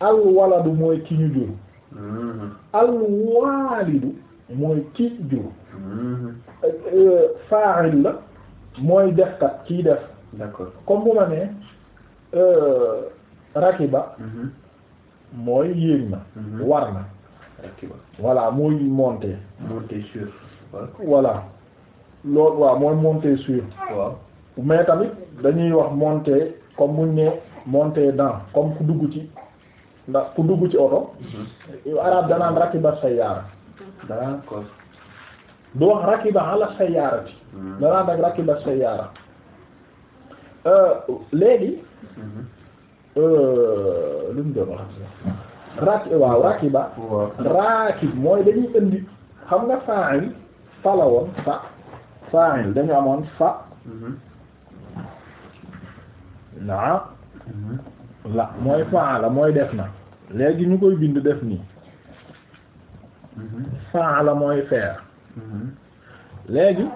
al waladu mooy ki ñu jur al euh, la mooy defkat kiy def comme bu ma nee euh, rakiba mm-hmm. mooy yéeg mm-hmm. na rakiba voilà mooy monter monter sur voilà loolu waaw mooy monter sur waaw mais dañuy wax monter comme muñ ne monter dans comme ku dugg ci ku dugg ci oto mm-hmm. arab danaan rakiba sayyaara d'accord du wax rakiba ala sayyaarati danaan rek rakiba sayyaara euh, léegi Euh, lu mu doon wax raaki mooy dañuy indi xam nga fa'il fa la woon fa fa'il dañu amoon fa naa mhm. mhm. la mooy fa'ala mooy def na léegi ñu koy bind def nii mhm. la mooy faire léegi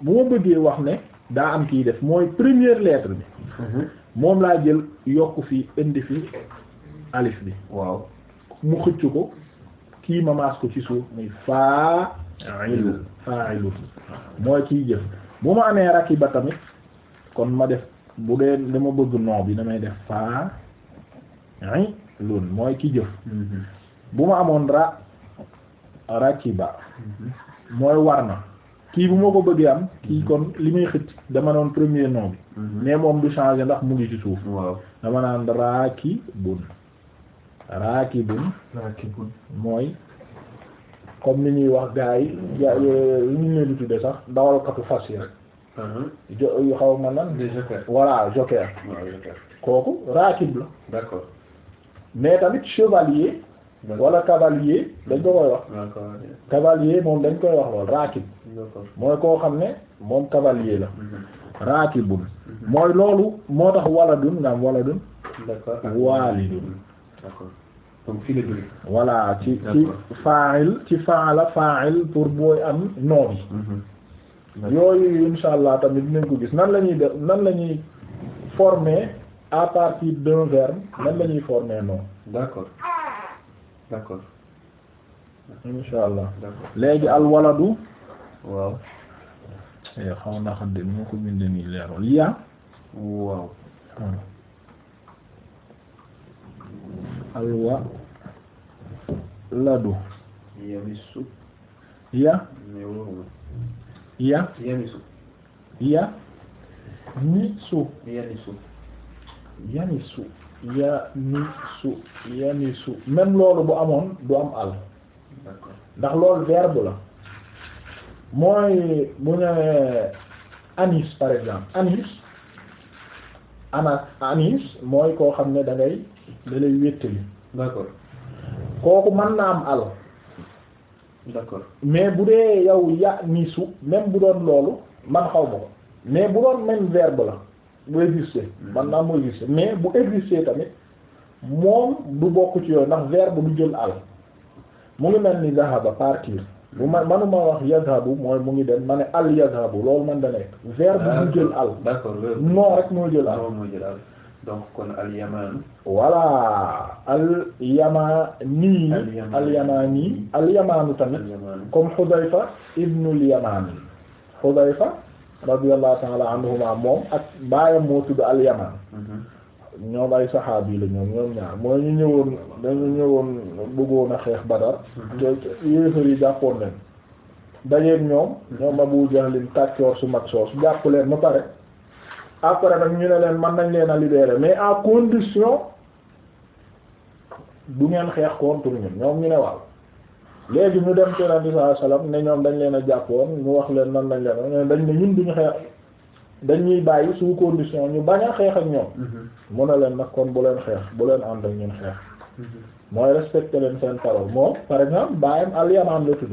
bu ma bëggee wax ne daa am kiy def mooy première lettre bi moom laa jël yokk fii indi fi alif bi waaw mu xëcc ko kii ma maas ko ci suuf muy fa'ilu fa'ilu mooy kiy jëf bu ma amee rakiba tamit kon ma def bu dee dama bëgg nom bi damay def fa'ilun mooy ki jëf mm-hmm. bu ma amoon ra rakiba mm-hmm. mooy war na kii bu ma ko bëggee am kii mhm. kon li may xëcc dama noon premier nom bi mhm. mais moom du changer ndax mu ngi ci suuf dama naan raaki bun raaki bun raaki bun mooy comme ni ñuy wax gars yi li euh, ñu sax dawalkatu fas yi rek uh-huh. jo xaw ma nan voilà joker kooku raakib la d'accord mais tamit chevalier wala cavalier dañ ko koy wax cavalier moom dañ koy wax lool raakib mooy koo xam ne moom cavalier la mhm. raakibun mhm. mooy loolu moo tax waladun nga am waladun waalidun comme fii ci ci fa'il ci fa'ala fa'il pour booy am noor yi. Mhm. yooyu insha allah tamit dinañ ko gis nan la ñuy def nan la ñuy former à partir nan la ñuy former noonu. d'accord insha allah léegi al waladu waaw eh, xaw naa xam de moo ko bindee nii leerul yaa waaw al waladu yamisu ya ya yamisu ya nisu yanisu yanisu yanisu yanisu même loolu bu amoon du am al ndax loolu verbe la mooy bu ñëwee anis par exemple anis ana anis mooy koo xam ne da ngay da lay d'accord kooku man na am al d'accord mais bu dee yow yanisu même bu doon loolu man xaw ma ko mais bu doon même verbe la bu exister man naa mu exister mais bu exister tamit moom du bokk ci yooyu ndax verbe du jël al mu ngi mel ni zahaba partir bu ma manuma wax yazhabu mooy mu ngi dem ma ne al yazhabu loolu man da nekk verbe du jël al ah, d'accord non rek moo jël al donc al yamaan al yamaani al yamaani tamit comme Xudayfa ibnul Yamaan Xudayfa radiyallahu ta'ala anhuma moom ak baayam moo tudd al-Yaman mm-hmm. ñoom ay saxaab yi la ñoom ñoom ñaar mooy ñu ñëwoon dañu ñëwoon bëggoon a xeex Badar mm-hmm. te yéefar yi jàppoon leen dajeek ñoom mm-hmm. ñoom Abu Jahlin kàccoor su mag soos jàpp leen ba pare après nag ñu ne leen man nañ leen a libérer mais à condition du ngeen xeex contre ñun ñoom ñu ne waaw léegi mu dem ci nabi sallallahu alayhi wasallam ne ñoom dañ leen a jàppoon mu wax leen nan lañ leen dañ ne ñun duñu xeex dañuy bàyyi sous condition ñu bañ a xeex ak ñoom. Mm-hmm. mu ne leen nag kon bu leen xeex bu leen ànd ak ñun xeex. Mm-hmm. mooy respecté leen seen parole moom par exemple bàyyam al-Yaman la tudd.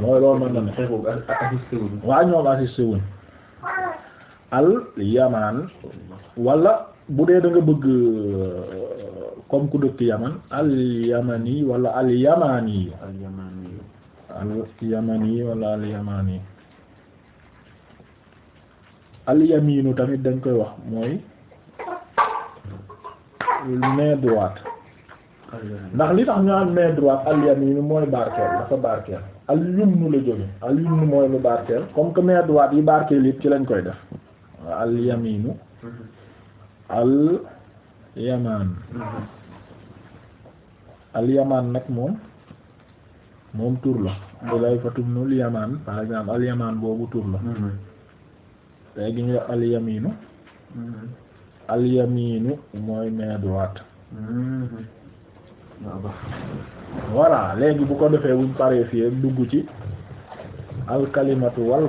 mooy loolu ma na ne xeexu assisté wuñ. waaw ñoom assisté al-Yaman wala bu dee da bëgg. comme ku dëkk yaman al yamani wala al yamani al yamani al yamani al yaminu tamit dañ koy wax mooy main droite ndax li tax ñu naan main droite al yaminu mooy barkeel dafa barkeel al yumnu la jóge al yumnu mooy lu barkeel comme que main droite yi barkeel yëpp ci lañ koy def al yaminu mhm. al yaman mhm. alyamaan nag moom moom tur la Hudayfatu ibnul Yamaan par exemple alyamaan boobu tur la mm-hmm. léegi ñu alyamiinu alyamiinu mm-hmm. mooy main droite mm-hmm. ah, voilà léegi bu ko defee buñ paree fii dugg ci alkalimatu wal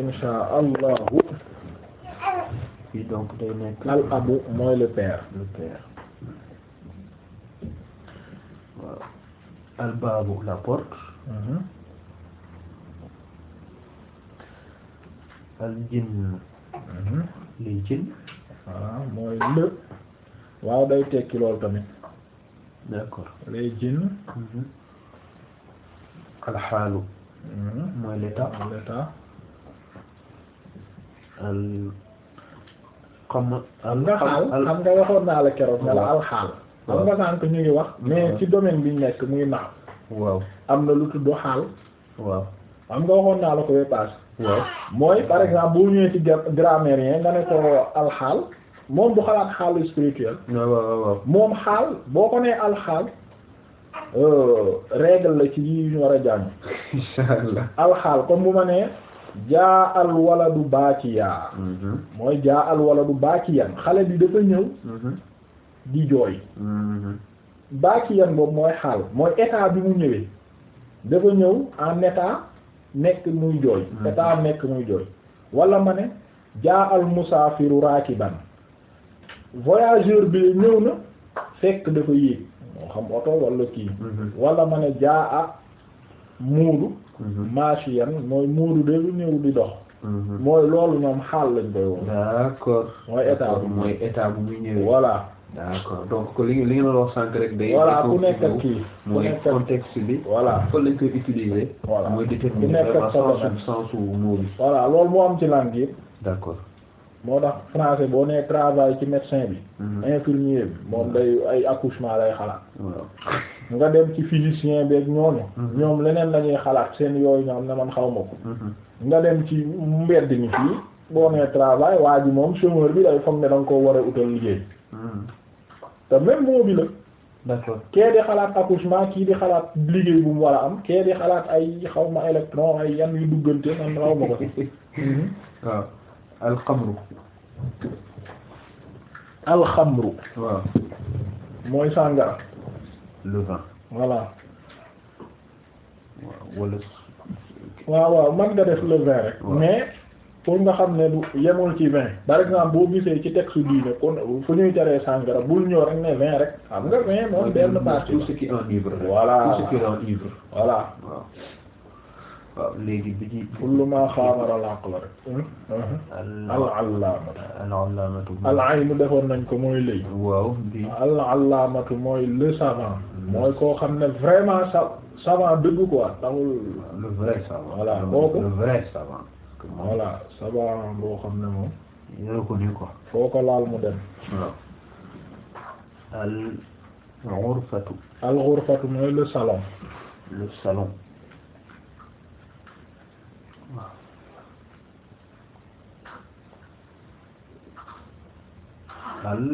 insha allahu al abu mooy le père al baabu la mhm. al jinn mhm. lii jinn mooy lë waaw day tekki lool tamit d'accord les jinn mhm. al xaalu mooy l'état l'état al xam al xam nga waxoon naa la keroog nga xam nga sànq ñu ngi wax. mais ci domaine bi nekk muy naaw. waaw am na lu tudd xaal. waaw xam nga waxoon naa la ko dépassé. waaw mooy par exemple bu ñëwee ci grammairien nga ne ko alxaal moom du xalaat xaalu spirituel. moom xaal boo ko nee alxaal. Euh, règle la ci yi ñu war a jàng. incha allah alxaal comme bu ma nee. jaa al waladu baakiya. Mm-hmm. mooy jaa al waladu xale bi dafa ñëw. Mm-hmm. di jooy mm-hmm. baakiyan boobu mooy xaal mooy état bi mu ñëwee dafa ñëw en nekk muy jooy mm-hmm. état nekk muy jooy wala ma ne jaa al musaafiru raakiban voyageur bi ñëw na fekk dafa yéeg moo xam oto wala kii mm-hmm. wala ma ne jaa a muudu maashiyan mooy muudu dafa ñëw di dox mooy loolu ñoom xaal lañ koy woon d'accord mooy état mooy état bu muy ñëwee voilà d'accord donc li li ngeen doon wax sànq rek. day voilà ku nekk kii mooy contexte bi. voilà fan lañ koy utiliser. voilà mooy déterminer vraiment sens sens su mot bi. voilà loolu moo am ci langue yi. moo tax français boo nee travail ci médecin bi. Mhm. infirmier bi moom mhm. day ay accouchement lay xalaat. nga dem ci physicien beeg ñooñu. Mhm. ñoom leneen la ñuy xalaat seen yooyu ñoom ne man xaw ma ko. nga dem ci mbedd mi fii. boo nee travail waa ji moom chômeur bi day foog ne da nga utal liggéey te même moo bi la d'accord kee di xalaat accouchement kii di xalaat liggéey bu mu war a am kee di xalaat ay xaw ma électron ay yan yu duggante man raw ma ko ci waaw waaw man nga def le rek mais pour nga xam ne du yemul ci vingt par exemple boo gisee ci texte diine kon fu ñuy teree sàngara bul ñëw rek ne vingt rek xam nga vingt moom benn partie tout ce qui enivre waaw léegi bi ci kullu ma xaamara al-aql rek al-allaamatu al-allaamatu al-aynu defoon nañ ko mooy lay waaw al-allaamatu mooy le savant mooy koo xam ne vraiment savant dëgg quoi taxul le vrai kooku voilà sabaaram boo xam ne moom. yore ko nii quoi. foo al. ghurfatu. al ghurfatu mooy le salon. al.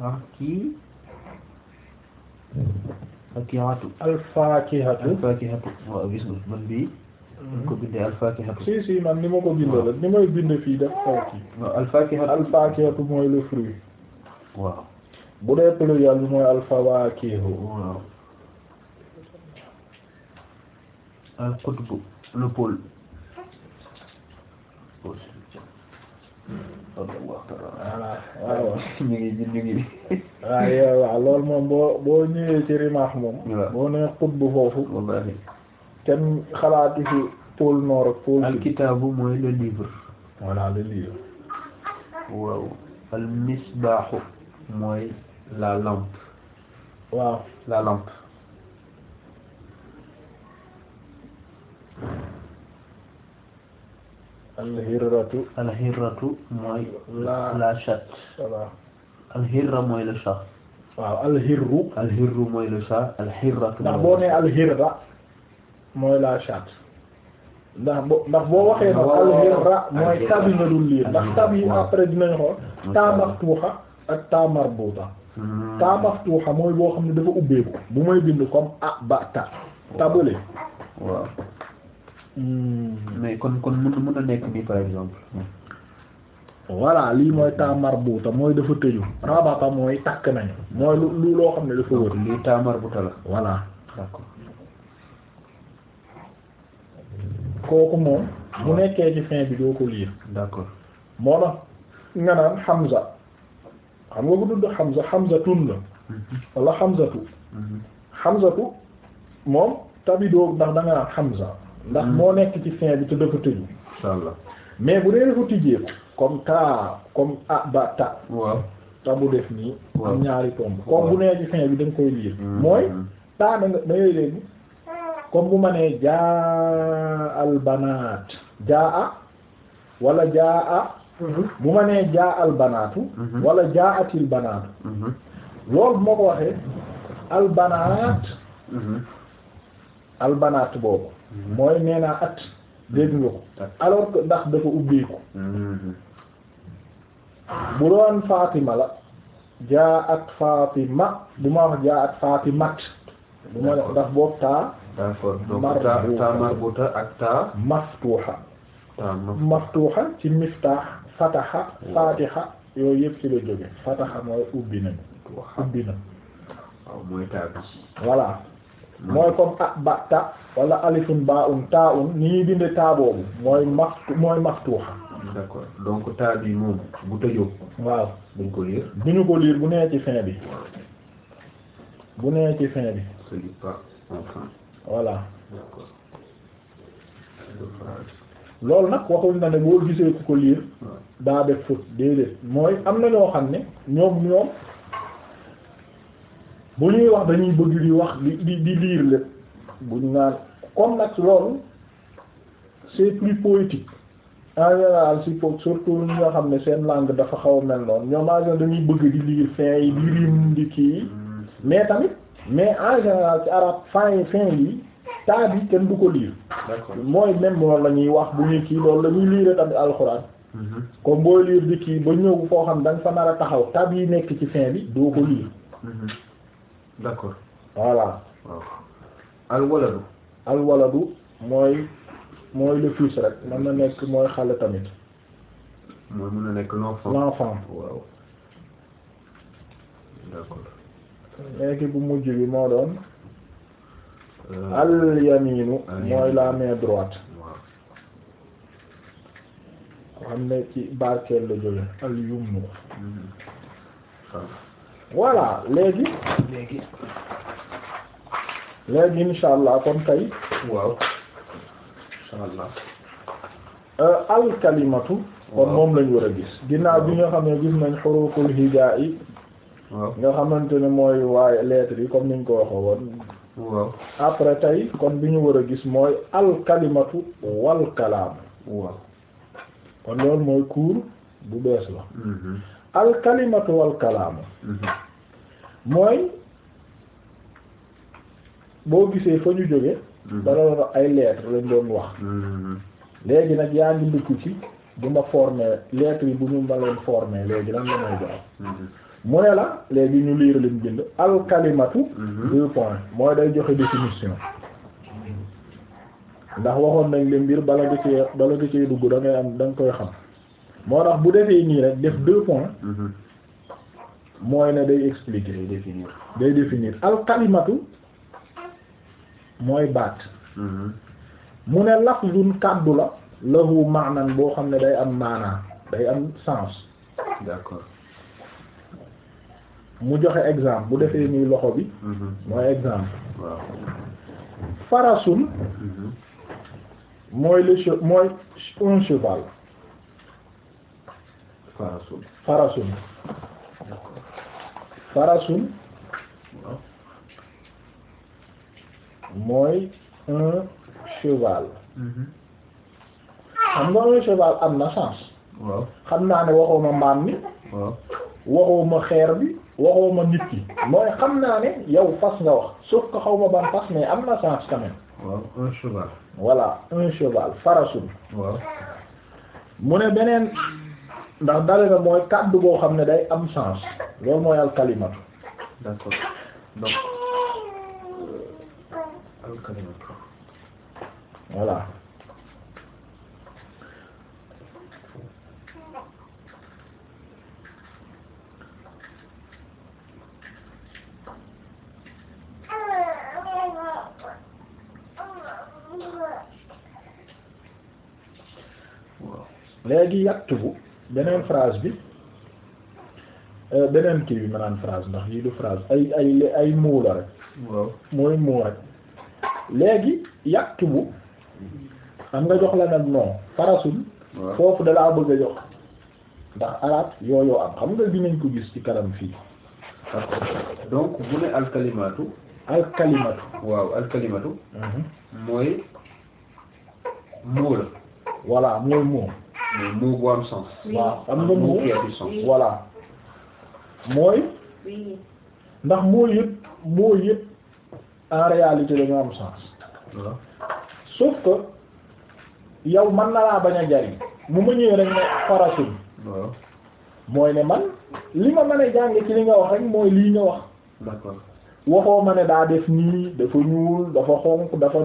raki. fakihatu. al fakihatu. fakihatu. waaw gis ko bindee alfaakihatu si si man ni ma ko bindee la ni may bindee fii def xaw kii alfaakihatu alfaakihatu mooy le fruit waaw bu dee pluriel bi mooy alfawaakihu waaw alqutbu le pôle waaw waaw loolu moom boo boo ñëwee ci rimaax moom boo nee xutbu foofu kenn xalaati fi pôle nord ak pôle alkitaabu mooy le livre voilà le livre waaw al misbaaxu mooy la lampe waaw la lampe alhirratu alhirratu mooy la la chatte voilà alhirra mooy le chat waaw alhirru alhirru mooy le chat alhirratu ndax boo nee alhirra mooy la chatte ndax bo ndax boo waxee nag mooy tab yi nga dul ndax tab yi après dinañu xool taa maftuuxa ak taa marbuuta hmm. taa maftuuxa mooy boo xam ne dafa ubbeeku bu may bind comme a ba ta tabale hmm. mais kon kon mën mën a nekk bi par exemple voilà lii mooy taa marbuuta mooy dafa tëju rabata mooy takk nañu mooy lu loo xam ne dafa wër lii taa marbuuta la voilà kooku moom bu ah, nekkee ci fin bi doo ko liir d'accord moo tax nga naan Hamza xam nga ko dudd Hamza Hamzatun la mhm. wala Hamzatu mhm. Hamzatu moom tabidoo ndax da nga naan Hamza ndax mhm. moo nekk ci fin bi te dafa tëju inshallah mais bu dee dafa tijjee ko comme ta comme a ba ta def nii am ñaari tomb comme bu nee ci fin bi da koy liir mooy ta da nga da ngay comme bu ma nee jaa albanaat jaa a wala jaa a mhm. bu ma nee jaa albanaatu mhm. wala jaa atil banaatu mhm. loolu bu ko waxee albanaat albanaat boobu mooy nee at dégg nga ko alors que ndax dafa ubbeeku bu doon Fatima la jaa at Fatima bu ma wax jaa at Fatimat bu ma ndax boobu taa d'accord donc taa taa marbuta ak taa. maftuuxa. maftuuxa ci miftaax. fataxa fatixa yooyu yëpp ci la jóge fataxa mooy ubbi nañu. ubbi na. waaw mooy comme ah ba ta wala alifun ba un taa un ni ñuy dinde taa boobu mooy maftu mooy maftuuxa. d'accord taa bi moom bu tëjoo. waaw duñ ko liir. duñu ko liir bu nee ci fin bi. bu nee ci fin bi. ce pas voilà loolu nag waxuñ na ne boo gisee ku ko liir daa def faute déedéet mooy am na ñoo xam ne ñoom ñoom bu ñuy wax dañuy bëgg di wax di di di liir lépp bu ñu naan comme nag loolu c'est plus poétique surtout ñi xam ne seen langue dafa xaw a mel noonu ñoom en dañuy bëgg di liir fin yi di rim di kii hmm. mais tamit. mais en général ci arab fin yi fin yi taa bi kenn du ko liir mooy même loolu la ñuy wax bu ñuy kii loolu la ñuy liire tamit alxuraan mm-hmm. comme booy liir di kii ba ñëw foo xam da nga fa a taxaw tab yi nekk ci fin bi doo ko liir mm-hmm. d'accord voilà alwaladu alwaladu mooy mooy le rek mën na nekk mooy xale tamit l'enfant waaw léegi bu mujj bi moo doon euh, al yaminu mooy la main droite xam ne ci barkeel la jóge al yumnu voilà léegi léegi insha allah kon tey al kalimatu kon moom lañu war a gis ginnaaw bi nga xam ne gis nañ xuruful hijaa nga xamante ne mooy waaye lettre yi comme niñ ko waxee woon. waaw après tey kon bi ñu war a gis mooy alkalimatu wal kalaam. waaw kon loolu mooy cours bu bees la. Mm-hmm. alkalimatu wal kalaam. Mm-hmm. mooy boo gisee fa ñu jóge mm-hmm. dara la ay lettres lañ doon wax. léegi nag yaa ngi dëkk ci bu ma formé lettres yi bu ñu ma leen formé léegi lan la may mu ne la léegi ñu liir lim bind alkalimatu mhm. deux points mooy day joxe définition ndax waxoon nañ leen mbir bala nga cee bala nga dugg da ngay am da koy xam moo tax bu defee nii rek def deux points mhm. mooy ne day expliquer day définir day définir alkalimatu mooy baat mhm. mu ne lafzun kàddu la lahu maanan boo xam ne day am maanaa day am sens mu joxe exemple bu defee nii loxo bi mhm. mooy exemple waaw farasun mhm. mooy le che mooy un cheval farasun farasun farasun mooy un cheval mhm. xam nga un cheval am na sens waaw xam naa ne waxuma mbaam mi xeer bi waxoo ma nit ki mooy xam naa ne yow fas nga wax sauf que xaw ma ban fas mais am na sens quand même. waaw un cheval. voilà un cheval farasun. waaw mu ne beneen ndax dale mooy kàdd boo xam ne day am sens loolu mooy alkalimatu. d'accord donc alkalimatu. voilà. léegi yaktubu beneen phrase bi euh, beneen kii bi ma naan phrase ndax lii du phrase ay ay ay muu la rek. mooy muu rek léegi yaktubu am nga jox la nag non farasun. foofu da bëgg a jox ndax alaat yooyu am xam nga dinañ ko gis ci kanam fii. donc bu ne alkalimatu. alkalimatu. waaw alkalimatu. Mhm. mooy muu la. voilà mooy muu. mais moo bu am mooy. ndax moo yëpp moo yëpp en réalité dañoo am sens. sauf que yow man na laa bañ a jariñ mu ma ñëwee rek ne parasum mooy ne man li ma mën a jànge ci li nga wax rek mooy lii nga wax d'accord waxoo ma ne daa def nii dafa ñuul dafa xonq dafa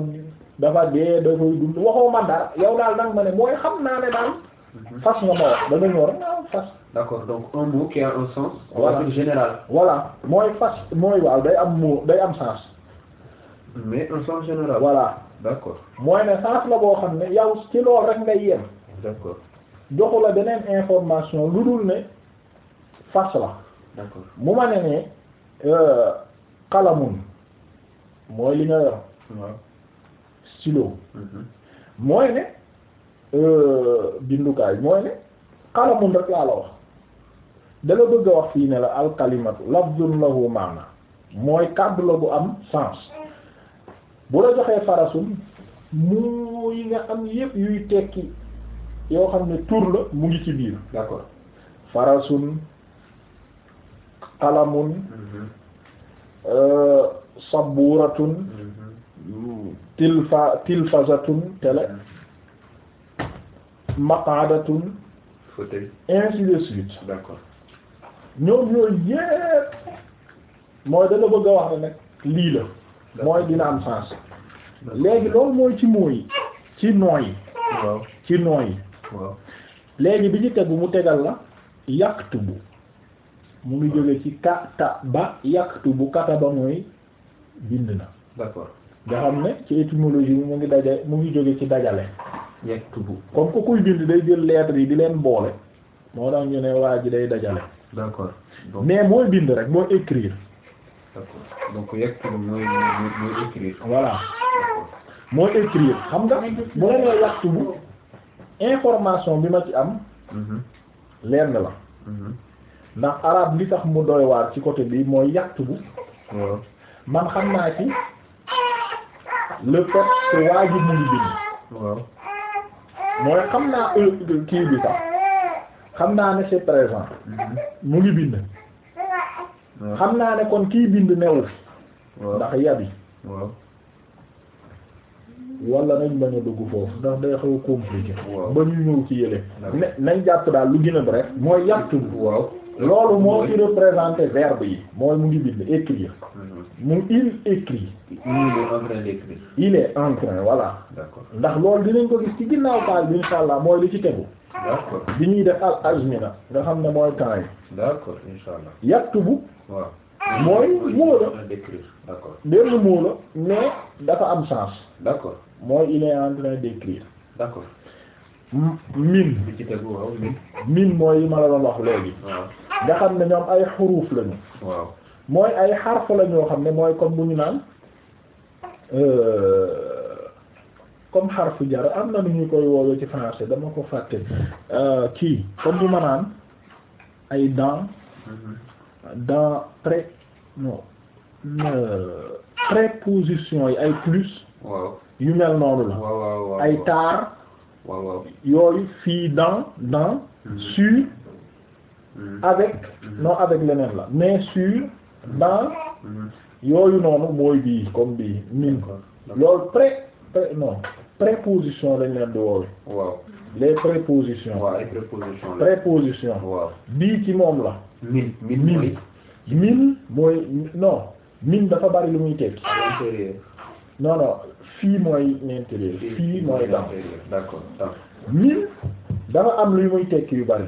dafa dee dafa dund waxoo ma dara yow daal danga ma ne mooy xam naa ne daal Mhm. fas nga ma wax da nga ñëw fas. d'accord donc un mot qui a un sens. voilà en général. voilà mooy fas mooy waaw day am mot day am sens. mais un voilà d'accord. mooy ne sens la boo xam ne yow ci loolu rek ngay yem. d'accord joxu la beneen information lu dul ne fas la. d'accord mu ma ne ne euh, mooy li nga yor. waaw mhm. mooy ne. Euh, bindukaay mooy ne xalamun rek laa la wax dala bëgg a wax fii ne la alkalimatu lafzun lahu maana mooy kàddu la bu am sens bu la joxee farasun mu yi nga am yépp yuy tekki yoo xam ne tur la mu ngi ci biir d'accord farasun qalamun mm-hmm. euh, saburatun mm-hmm. tilfa tilfazatun tele mm-hmm. maqaadatun fauteuil ainsi de suite d'accord ñoom yooyu yépp mooy dana bëgg a wax nag lii la mooy dina am sens léegi loolu mooy ci mooy ci nooyi waaw ci nooyi yi léegi bi ñu tegu mu tegal la yaktubu mu ngi jóge ci ba kataba yaktubu kataba mooy bind na d'accord nga xam ne ci étymologie bi mu ngi daje mu ngi jóge ci dajale yaktubu comme ko kuy bind day jël lettres yi di leen boole moo tax ñu ne waa ji day dajale mais mooy bind rek mooy écrire d'accord donc yaktubu écrire voilà mooy écrire xam nga mu ne nga yaktubu information bi ma ci am mm-hmm. lenn la mm-hmm. ndax arab li tax mu doy waar ci côté bi mooy yaktubu man xam naa ci le fait waa ji mu ngi bind mooy xam naa kii bi sax xam naa ne c'est présent mu ngi bind xam naa ne kon kii bind newu ndax yabi wala nañ bañ a dugg foofu ndax day xaw a compliqué ba ñu ñëw ci yële ne nañ jàpp daal lu gën a bref mooy yàpp bi waaw loolu moo ci représenté verbe yi mooy mu ngi bind écrire mhm. mu il écrit il est en train voilà ndax loolu dinañ ko gis ci ginnaaw page bi insha allah mooy li ci tegu d'accord bi ñuy def al azmina nga xam ne mooy temps yi d'accord insha allah yaktubu waaw mooy moo la d'écrire d'accord benn moo la mais dafa am sens d'accord mooy il est en train d'accord min min mooy yi ma la doon wax léegi nga xam ne ñoom ay xuruuf lañu waaw mooy ay xarf la ñoo xam ne mooy comme bu ñu naan euh, comme xarfu jar am na nu ñu koy woowee ci français dama ko fàtte euh, kii comme bu ma naan ay dents mm-hmm. dents pré non euh, préposition yi ay plus yu mel noonu la ay taar waaw waaw yooyu fii dans dans mm-hmm. sur mm-hmm. avec mm-hmm. non avec leneen la mais sur dans yooyu noonu mooy bii comme bii min loolu pré pré non préposition lañ leen di woowe waaw les prépositions waaw les prépositions préposition waaw bii ci moom la min min min mooy non min dafa bari lu muy non non fii mooy l'intérieur fii mooy dam d'accord min dafa am luy muy tekki yu bari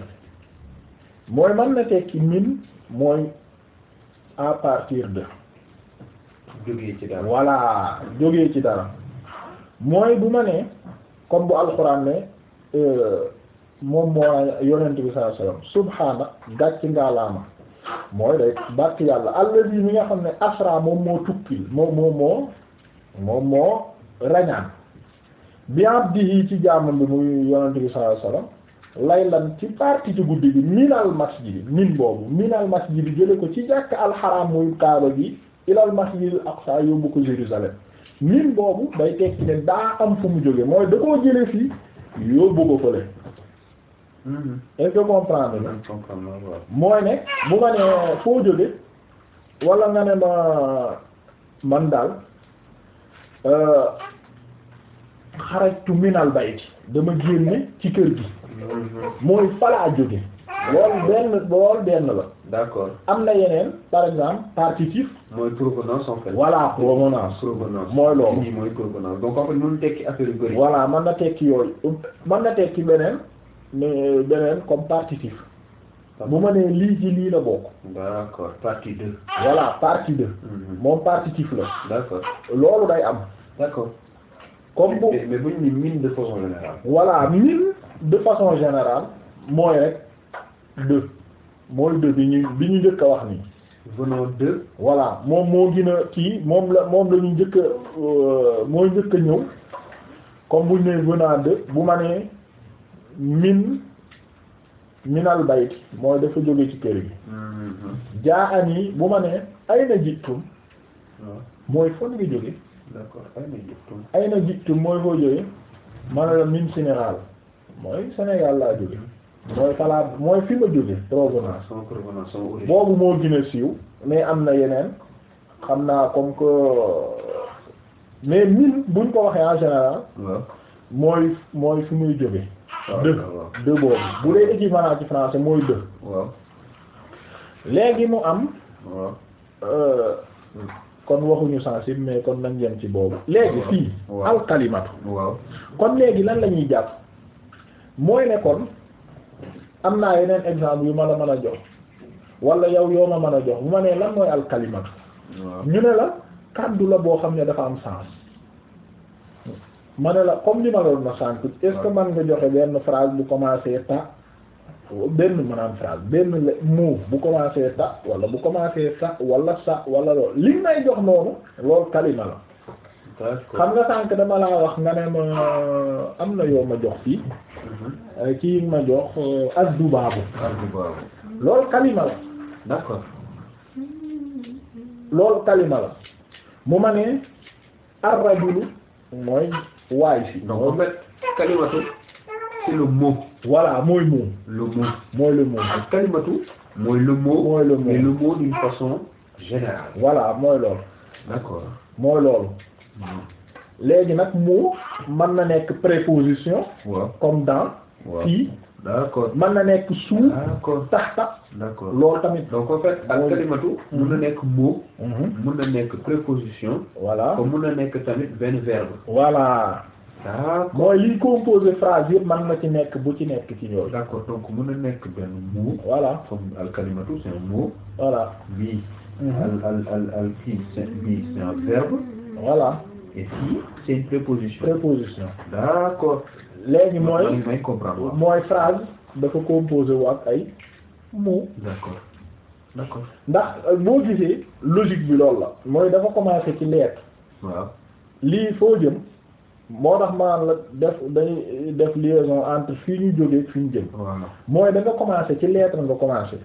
mooy mën na tekki min mooy à partir de jógee ci dara voilà jógee ci dara mooy bu ma ne comme alxuraan ne euh, moom moo yonent bi sallallahu alayhi wasallam subhaana gàcc ngaalaama mooy day bàkk yàlla allazi mi nga xam ne asra moom moo tukki moom moo moo moom moo rañaan bi abdihi ci jaamam bi muy yonent bi sallallahu alayhi wasallam ci partie ci guddi gi minal masjid min boobu minal masjid jële ko ci jàkk alxaraam muy kaaba gi ilal masjidil aqsa yóbbu ko Jérusalem min boobu day tekki ne daa am fu mu jóge mooy da koo jële fii yóbbu ko fële mm-hmm. mooy ne bu ma ne foo jóge wala nga ne ma man daal Euh, xarajtu minal bayti dama génne ci kër gi mooy falaa jóge loolu benn loolu benn la d'accord am na yeneen par exemple partitif mooy provenance en fait voilà provenance mooy loolu mooy provenance voilà mën na tekki yooyu man na tekki beneen mais euh, beneen comme bu ma nee lii ci lii la bokk. d'accord partie deux. voilà partie deux. Mhm. moom partie tif la. d'accord loolu day am. d'accord comme bu mais buñ ni mine de façon générale. voilà mine de façon générale mooy rek deux mooy deux bi ñu bi ñu njëkk a wax nii. venant deux. voilà moom moo gën kii moom la moom la ñu njëkk a euh, mooy njëkk a ñëw comme buñ nee venant deux bu ma nee mine. minal bayt mooy dafa jóge ci kër gi mm-hmm. jaa ani bu ma nee ay na jittum mooy ay na jittum ay mooy foo jóge ma ne la min Sénégal mooy Sénégal laa jóge mm-hmm. mooy falaa mooy fi ma jóge provenance ah, boobu moo gën siiw mais am na yeneen xam naa kom que mais min buñ ko waxee en général mooy mooy fi muy jóge deux ah, deux boobu bu dee équivalent ci français mooy deux léegi mu am euh, kon waxuñu sensible mais kon nañ yem ci boobu léegi fii al kalimatu kon léegi lan la ñuy jàpp mooy ne am naa yeneen exemple yu ma la mën a jox wala yow yoo ma mën a jox bu ma nee lan mooy al ñu ne la kàddu la boo xam ne dafa am sens ma ne la comme li ma doon na sànq est ce que mën nga joxe benn phrase bu commencé ta benn maanaam phrase benn mot bu commencé ta wala bu commencé sa wala sa wala loolu li may jox noonu loolu kalima la xam nga sànq dama laa wax nga ne ma am na yoo ma jox fii mhm. kii ma jox euh, addu baabu loolu kalima la d'accord loolu kalima la mu ma ne ar-rajulu mooy waay si. non en fait kalimatu c'est le mot. voilà mooy mot. le mot mooy le mot. ak kalimatu. mooy le mot mooy le mot mais le mot d'une façon générale. voilà mooy loolu. d'accord mooy loolu. Mm. léegi nag mot mën na nekk préposition. comme dans. waaw fii. d'accord mën na nekk suuf. d'accord taxta. d'accord loolu tamit. donc en fait ak kalimatu. Mm-hmm. mën na nekk mot. Mm-hmm. mën na nekk préposition. voilà comme mën na nekk tamit benn verbe. voilà. d'accord mooy liy composer phrase yëpp mën na ci nekk bu ci nekk ci yooyu. d'accord donc mën na nekk benn mot. voilà comme al kalimatu c'est un mot. voilà bii. Mm-hmm. al al al al kii c'est bii c'est un verbe. voilà. et si c'est une préposition. préposition. d'accord. léegi mooy mooy phrase dafa composé wu ak ay mu d'accord d'accord ndax euh, boo gisee logique bi loolu la mooy dafa commencé ci lettre. waaw lii foo jëm moo tax maanaam la def dañuy euh, def liaison entre fii ñu jógee fi ñu jëm. mooy da nga commencé ci lettre nga commencé.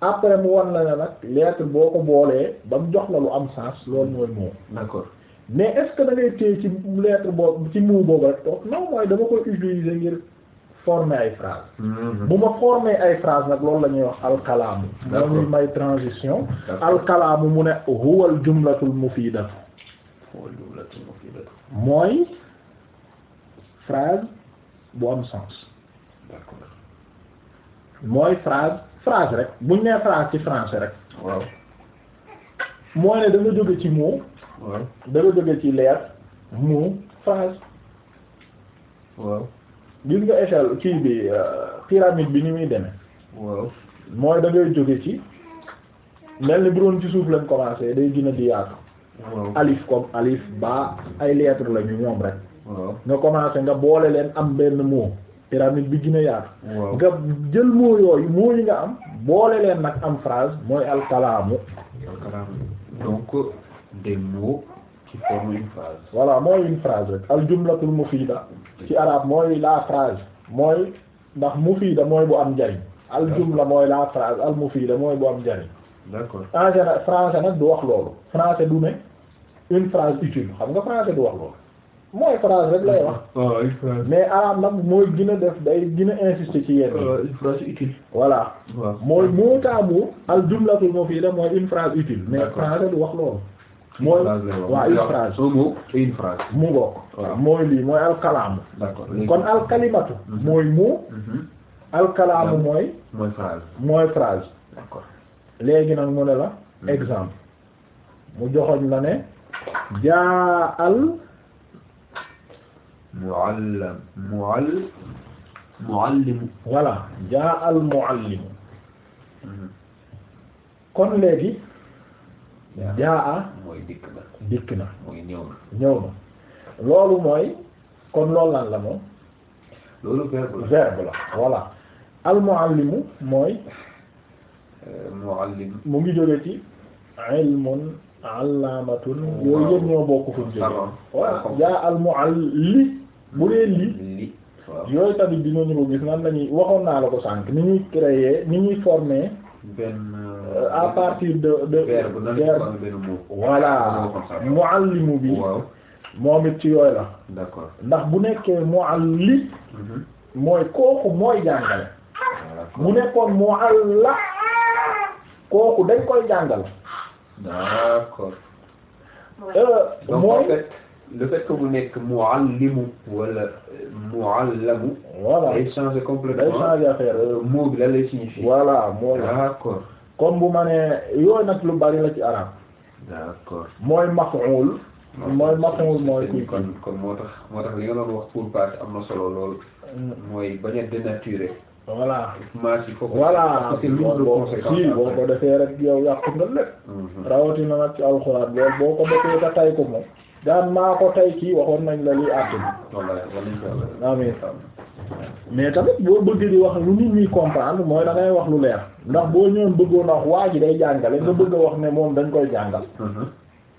après mu wan la ne nag lettre boo ko boolee ba mu jox la lu am sens loolu mooy mot. mais est-ce que da ngay téye ci lettre boobu ci muu boobu rek toog mooy dama koy utiliser ngir former ay phrase mm-hmm. bu ma former ay phrase nag loolu la ñuy wax alkalaamu dañuy may transition alkalaamu mu ne huwal jumlatul mufidatu huwal jumlatul mufidatu mooy phrase bu am sens d'accord mooy phrase phrase rek buñ nee phrase ci français rek waaw mooy ne da jóge ci mot waaw dana jóge ci leer mu phase waaw gis nga échelle kii bi euh, pyramide bi ni muy deme waaw mooy da jóge ci mel ni bu doon ci suuf lañ commencé day gën di yaatu alif comme alif ba ay lettres la ñu ñoom rek nga commencé nga boole leen am benn mot pyramide bi gën a yaatu nga jël mot yooyu mot yi nga am boole leen nag am phrase mooy alkalaamu alkalaamu donc delloo ci forme une phrase. voilà mooy une rek al jumlatul mufida ci arabe mooy la phrase mooy ndax da mooy bu am njariñ. al jumla mooy la phrase al mufida mooy bu am njariñ. d'accord en nag du wax loolu. français du ne une phrase xam nga français du wax loolu. mooy phrase rek lay wax. Ah, mais arabe nag mooy gën a def day gën a insister ci yenn. Ah, une phrase utile. voilà. mooy mot à al jumlatul mufida mooy une phrase mais français du wax loolu. mooy mu ngoog mooy lii mooy alkalaamu d'accord kon alkalimatu mhm. mooy mu mhm. alkalaamu mooy mooy phrase léegi nag mu ne la mhm. exemple mu joxoñ la ne jaa al muallim muallim jaa al muallimu kon léegi jaa mooy dikk na dikk loolu mooy kon loolu lan la moom loolu verbe la verbe la voilà al muallimu mooy euh, muallim mu ngi jóge ci ilmun allaamatun yooyu yëpp ñoo bokk jaa al mualli bu dee li yooyu tamit dinañu ko gis nan lañuy waxoon naa la ko sànq ni ñuy créer ni ñuy former Euh, à partir de de verbe voilà muallimu bi moom it ci yooyu la d'accord ndax bu nekkee muallim mhm. mooy kooku mooy jàngale mu nekkoon mualla kooku dañ koy jàngal d'accord euh, mooy le fait que mu nekk muallimu wala euh, muallamu voilà day changer complètement day changer affaire mot bi la lay signifier voilà mooy d'accord comme bu ma nee yooyu nag lu bari la ci arab d'accord mooy maf'ul mooy maf'ul mooy kuy kon kon moo tax moo tax li nga doon wax pour partie am na solo lool mooy bañ a dénaturer voilà maasi foofu voilà si boo ko defee rek yow yàqu nga lépp mhm. rawatina nag ci alxuraan loolu boo ko defee ta tay ko moom daan maa ko tay kii waxoon nañ la li àtt bi amin mais tamit boo bëgg di wax lu nit ñi comprendre mooy da wax lu leer ndax boo ñëwoon bëggoon a wax waa ji day jàngale nga bëgg a wax ne moom dañ koy jàngal mm-hmm.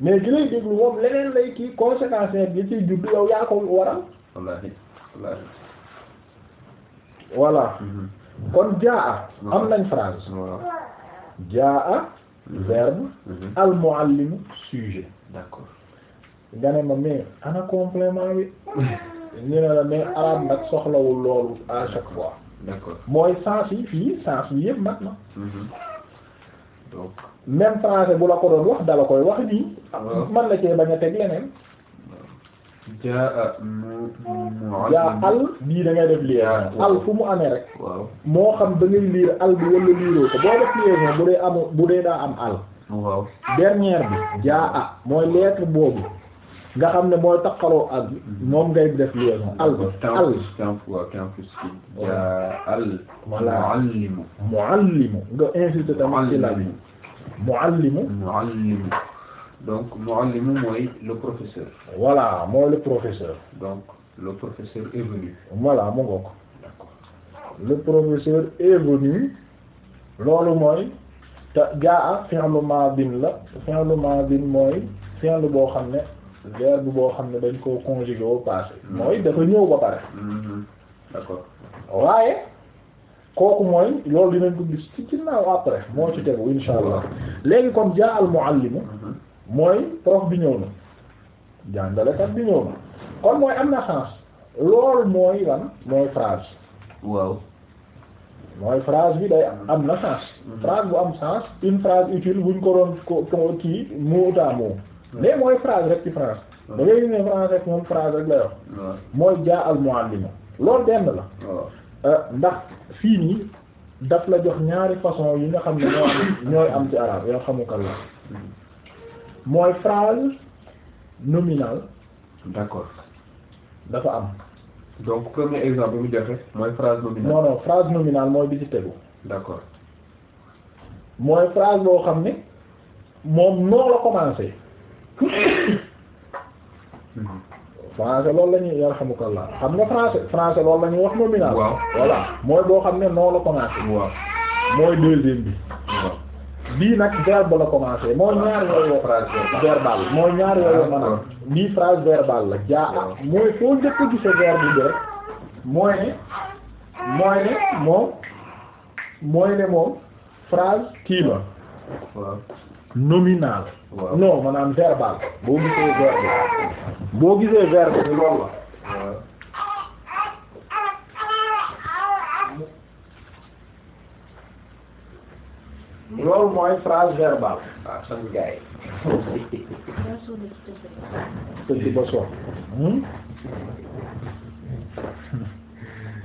mais ki lay déglu moom leneen lay kii conséquence bi ci judd yow yaa ko waral wallaahi wallaahi voilà mm-hmm. kon jaa a mm-hmm. am nañ phrase jaa a verbe al sujet d'accord nga ma mais ana complément bi ñu ne la mais arabe nag soxlawul loolu à chaque fois. mooy sens yi fii sens yi yëpp mat na. Mhm. donc même bu la ko doon wax dala koy wax nii. man la cee bañ a teg leneen. jaa al bii da def liaison al fu mu amee rek moo xam da liir al bi wala liiroo ko boo def liaison bu dee amu bu dee daa am al waaw bi jaa a mooy lettre boobu nga xam ne mooy takkaloo al mm-hmm. moom ngay def liaison al al al voilà muallimu nga insisté tamit ci la bi muallimu muallimu mooy le professeur mooy le professeur donc le professeur mu ngoog le professeur est loolu mooy te jaa a fi'lu la fi'lu madin mooy fi'lu boo xam ne verbe boo xam ne dañ koo conjugué au passé mm-hmm. mooy dafa ñëw ba pare mm-hmm. d'accord waaye kooku mooy loolu dinañ ko gis ci ginnaaw après moo ci tegu insha allah mm-hmm. léegi comme jaa al muallimu mooy prof bi ñëw na jàngalekat bi ñëw na kon mooy am na sens loolu mooy lan mooy phrase mooy phrase bi day am na sens phrase bu am sens une phrase utile buñ ko doon ko kii mais mooy phrase rek ci phrase. da ngay phrase rek moom phrase rek la yor. mooy jaa al muallima loolu benn la. Euh, ndax fii nii daf la jox ñaari façon yi nga xam ne ñoo am ñooy am ci arabe yoo xamukal la mooy phrase nominale. d'accord dafa am. donc premier exemple bi mu joxe mooy phrase nominale. non non phrase nominale mooy bi ci tegu. d'accord. mooy phrase boo xam ne moom noo la commencé. français loolu la ñuy yarhamukallah xam nga français français loolu la ñuy wax nominal. waaw voilà mooy boo xam ne noo la commencé. waaw mooy deuxième bi. waaw bii nag verbe la commencé mooy ñaar yooyu. phrase verbal mooy ñaar yooyu mën a. bii phrase verbale la mooy foo njëkk a gisee verbe bi rek mooy ne mooy ne moom mooy ne moom phrase kii nominal. non maanaam verbal boo gisee verbe boo gisee verbe bi loolu la loolu mooy phrase verbale waaw ah, sama gars yi tëdd ba soon hmm?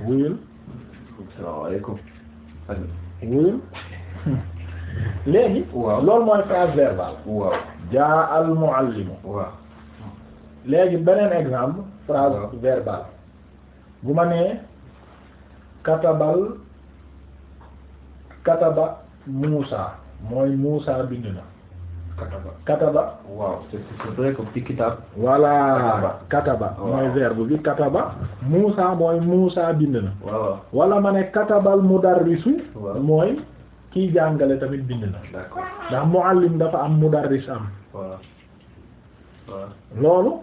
wuyul salaamaaleykum wuyul léegi. lool loolu mooy phrase verbale. jaa al muallimu. waaw léegi beneen exemple. phrase verbale. bu ma nee katabal kataba Muusa mooy Muusa bind na. kataba kataba. waaw c'est c'est vrai que petit kitab. voilà kataba. mooy verbe bi kataba. Muusa mooy Muusa bind na. wala ma ne katabal mudarrisu. mooy. kiy jàngale tamit bind na ndax muallim dafa am mudarris am loolu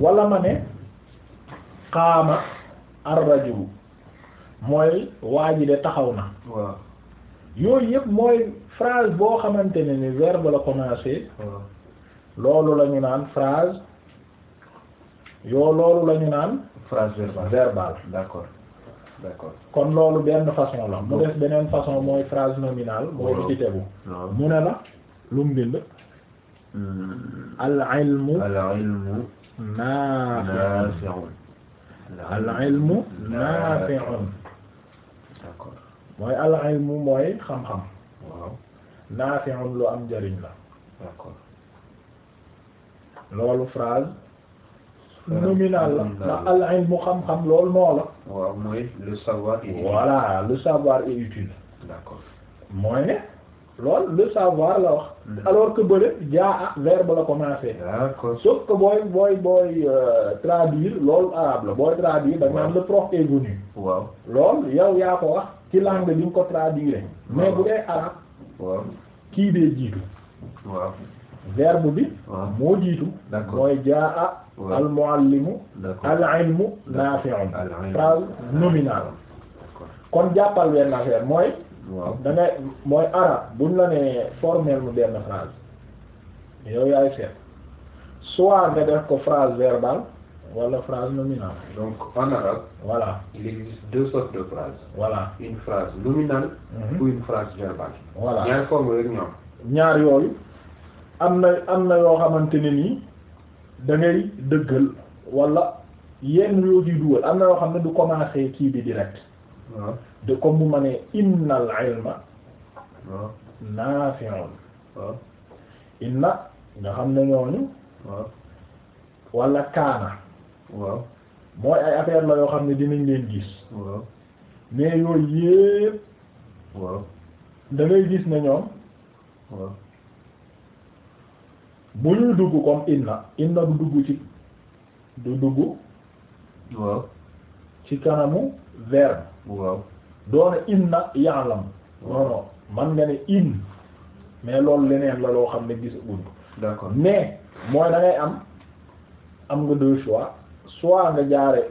wala ma ne qaama ar-rajulu mooy waa de taxaw na yooyu yëpp mooy phrase boo xamante ne ni verbe la commencer loolu la ñu naan phrase yoo loolu la ñu naan phrase verbale d'accord d'accord kon loolu benn façon la mu des beneen façon mooy phrase nominale mooy bi ci tegu mu ne la lu mu bind hmm. al ilmu al ilmu naafi'un al ilmu naafi'un d'accord mooy al ilmu mooy xam-xam waaw naafi'un lu am njariñ la d'accord loolu phrase Euh, nominal la ndax al ilmu xam-xam loolu noo la. waaw le savoir est utile. mooy ne. le savoir la wax. Mm. alors que bële jaa a verbe la commencer. d'accord sauf que booy booy booy euh, traduire loolu arabe la booy traduire. da le prof est venu. waaw loolu yow yaa ko langue bi nga ko mais bu dee arabe. waaw kii bee verbe bi ah. moo jiitu mooy jaa al muallimu al ilmu nafi'un phrase nominale ah, kon jàppal benn affaire mooy da ngay mooy arab buñ la nee formel mu benn phrase yow yaay seet soit nga def ko phrase verbale wala phrase nominale. donc mhm. ñaar formes ñaar yooyu. am na am na yoo xamante ni dangay da ngay dëggal wala yenn yoo di dugal am na yoo xam ne du commencé kii bi direct de comme bu ma nee innal inna nga xam ne ñooñu wala kaana waaw mooy ay affaire la yoo xam ne dinañ leen gis mais yooyu yépp da ngay gis ne ñoom bu ñuy dugg comme inna inna du dugg ci du dugg waaw ci kanamu verbe waaw doona inna ya'lam non non man nga ne in mais loolu leneen la loo xam ne gis gudd d'accord mais mooy da am am nga deux choix soit nga jaare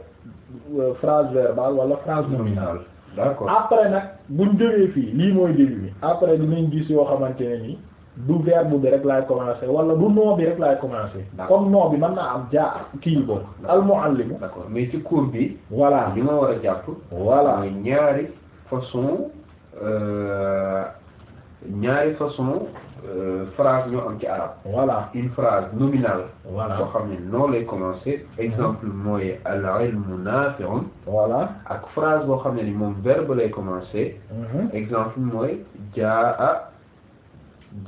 euh, phrase verbale wala phrase nominale d'accord après nag buñ jógee fii lii mooy début bi après dinañ gis yoo xamante ne nii du verbe bi rek laay commencer wala du nom bi rek laay commencer. comme nom bi mën naa am jaa kii boobu. al muallimu. d'accord mais ci cours bi. voilà li ma war a jàpp. voilà ñaari façon euh, ñaari façon euh, phrase ñoo am ci arabe. voilà une phrase nominale. voilà boo xam ne noo lay commencer. exemple mooy al ilmu nafi'un. voilà ak phrase boo xam ne ni moom verbe lay commencer. Mhm. exemple mooy jaa.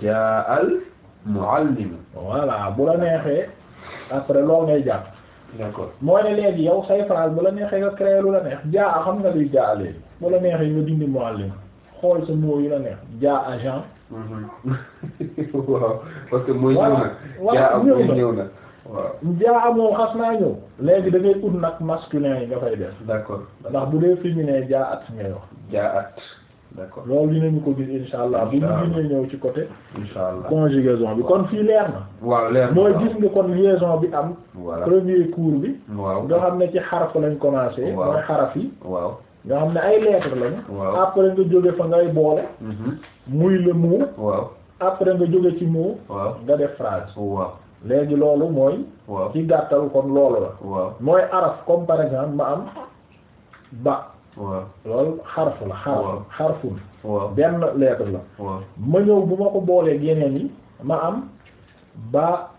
jaa al muallim voilà bu la neexee après loo ngay jàpp d'accord mooy ne léegi yow say phrase bu la neexee nga créer lu la neex jaa xam nga luy jaa léegi bu la neexee nga dindi muallim xool sa mot yi la neex jaa agent mhm. waaw parce que mooy jaa am xas naa ñëw léegi da ngay ut nag masculin yi nga fay def d'accord ndax bu dee féminin jaa at ngay wax jaa at d'accord loolu dinañu ko gis insha allah bu ñu ñëw ci côté insha allah conjugaison bi kon fii leer na waaw leer mooy gis nga kon bi am premier cours bi waaw nga xam ne ci xaraf lañ commencé mooy xaraf yi waaw nga xam ne ay lettres lañ après nga jóge fa ngay boole mhm. muy le mot après nga jóge ci mot waaw nga def phrase léegi loolu mooy ci gàttal kon loolu la mooy araf comme par exemple ma am ba waaw loolu xarfu la. xarfu la waaw benn lettre la. ma ñëw bu ma ko boolee yeneen yi ma am ba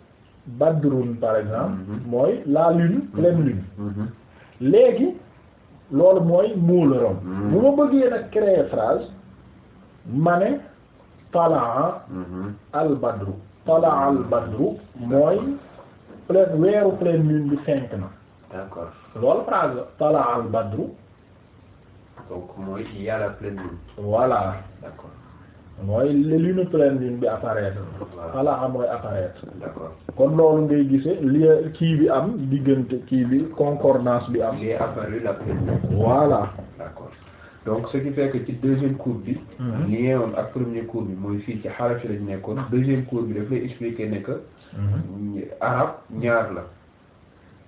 badrun par exemple. Mhm. mooy la lune mhm. pleine lune. Mhm. léegi loolu mooy muularam. bu ma bëggee nag créer phrase ma ne talaa al badru. talaa al badru mooy pleine weeru pleine lune bi fenk na. loolu phrase la al badru. mooy il y a la pleine lune. voilà. d'accord. mooy lune pleine bi apparaître. voilà xam ah, mooy apparaître. kon loolu ngay gisee li kii bi am diggante kii bi concordance bi am. il est apparu la pleine lune. voilà. d'accord donc ce qui fait ci deuxième cours bi. Mm-hmm. li ngeen woon ak premier cours bi mooy fii ci xaraf yi lañ nekkoon. Mm-hmm. deuxième cours bi daf lay expliquer ne que. Mm-hmm. arabe ñaar la.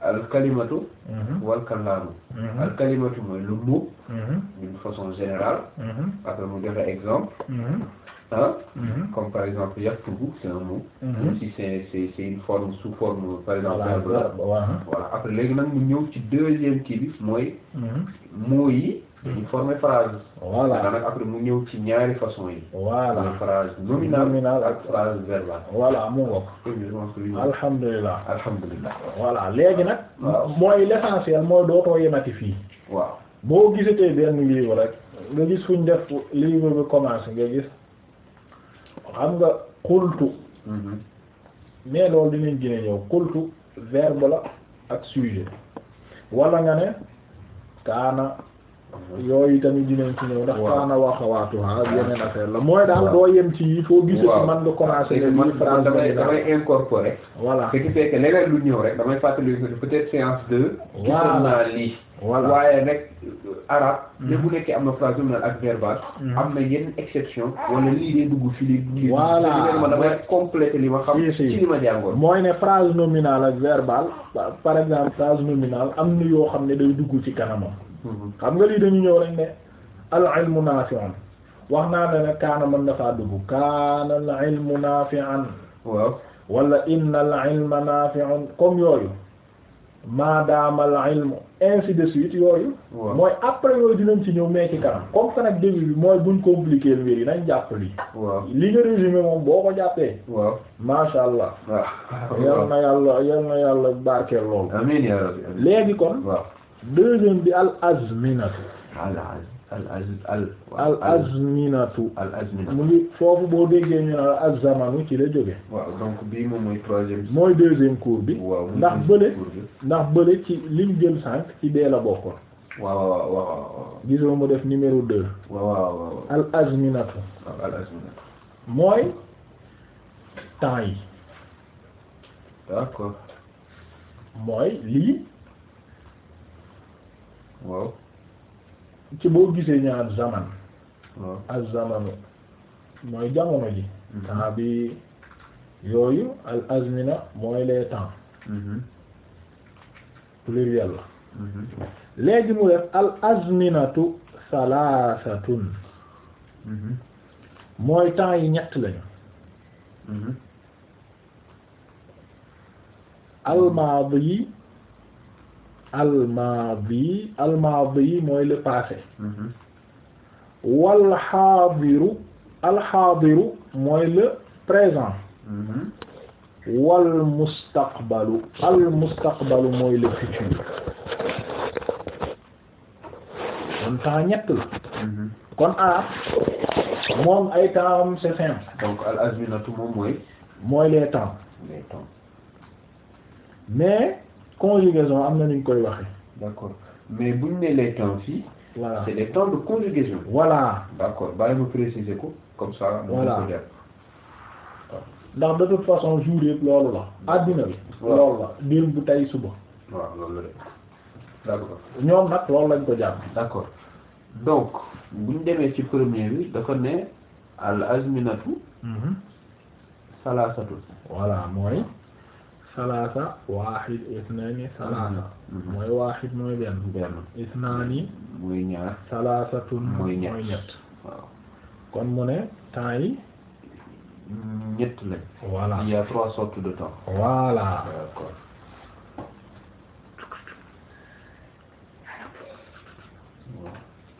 alkalimatu mhm. wal kallaamu mhm. alkalimatu mooy le mot mhm. d'une façon générale après mu joxe exemple ah comme par exemple yaktubu c'est un mot même si c'est c'est c'est une forme sous forme par exemple verbe voilà après léegi nag mu ñëw ci deuxième kii bi mooy mot yi dañuy mu ñëw ci ñaari façon yi. voilà mooy phrase nominale ak phrase verbale. voilà mu ngoog. alhamdulilah alhamdulilah. voilà léegi nag. mooy l'essentiel mooy dootoo yemati fii. waaw boo gisatee benn livre rek. nga gis fu ñu def livre bi commencé nga gis xam nga xultu. mais loolu dinañ gën ñëw xultu verbe la ak sujet. wala nga ne kaana. yooyu tamit dinañ ci ñëw ndax kaana waxawaatuha ah. yeneen affaire la mooy daal doo yem ci yi foo gisee ci man nga commencé leen man man damay damay incorporé voilà ce qui leneen lu ñëw rek damay fàttali peut-être séance deux gisoon naa lii voilà waaye nag euh, arabe ne hmm. bu nekkee am na phrase nominale ak verbale hmm. am na yenn exception wala lii dee dugg fi li voilà ma damay compléter li ma xam ci li ma jàngoon mooy ne phrase nominale ak verbale par exemple phrase nominale am na yoo xam ne day dugg ci kanamam Mhm. xam nga lii dañu ñëw rek ne al ilmu nafi'un wax naa ne nag kaana mën na faa dugg kaana al ilmu nafi'an waaw wala inna al ilma nafi'un comme yooyu maadaama al ilmu ainsi de suite yooyu mooy après yooyu dinañ ci ñëw mais ci kanam comme que nag bi mooy buñ compliquer mbir yi nañ jàpp lii li nga résumé moom boo ko jàppee waaw allah ah. yal na yàlla yal na yàlla barkeel loolu amiin kon deuxième bi al azminatu al az al al azminatu al azminatu mu ngi foofu boo déggee ñu ne la azzamanu ci la jóge waaw donc bii moom mooy troisième. mooy deuxième cours bi. ndax bële ndax bële ci lim jël sànq ci bee la bokkoon. waaw waaw waaw. gisoo mu def numéro deux. waaw waaw al azminatu. waaw al azminatu. mooy temps yi. d'accord. mooy lii. waaw ci boo gisee ñaar zaman waaw al zamanu mooy jamono ji mhm. temps bi yooyu al azmina mooy les temps mhm. pluriel la mhm. léegi mu def al azminatu salaasatun mooy temps yi ñett lañu al maadi almaadi almaadi mooy le passé mm-hmm. wal xaadiru alxaadiru mooy le présent mm-hmm. wal mustaqbalu al mooy le futur kon temps ñett la mm-hmm. kon a moom ay temps am c'est donc al azminatu moom mooy mooy les temps temps mais conjugaison am na ñu koy waxe d'accord mais buñ ne les temps fii. voilà c'est les temps de conjugaison. voilà d'accord bàyyi ma préciser ko comme ça. voilà ko ndax de toute façon jour yëpp loolu la. addina bi loolu la démb bu tey suba. waaw loolu la de d'accord ñoom nag loolu lañ ko jàpp. d'accord donc buñ demee ci premier bi dafa ne al azminatu. Mhm. salaasatu. voilà mooy. salaasa waaxid isnaani salaasa mhm. mooy waaxid mooy benn benn isnaani mooy ñaar salaasatun mooy ñett kon mu ne temps yi mm, ñett lañ voilà il y a trois sortes de temps voilà d'accord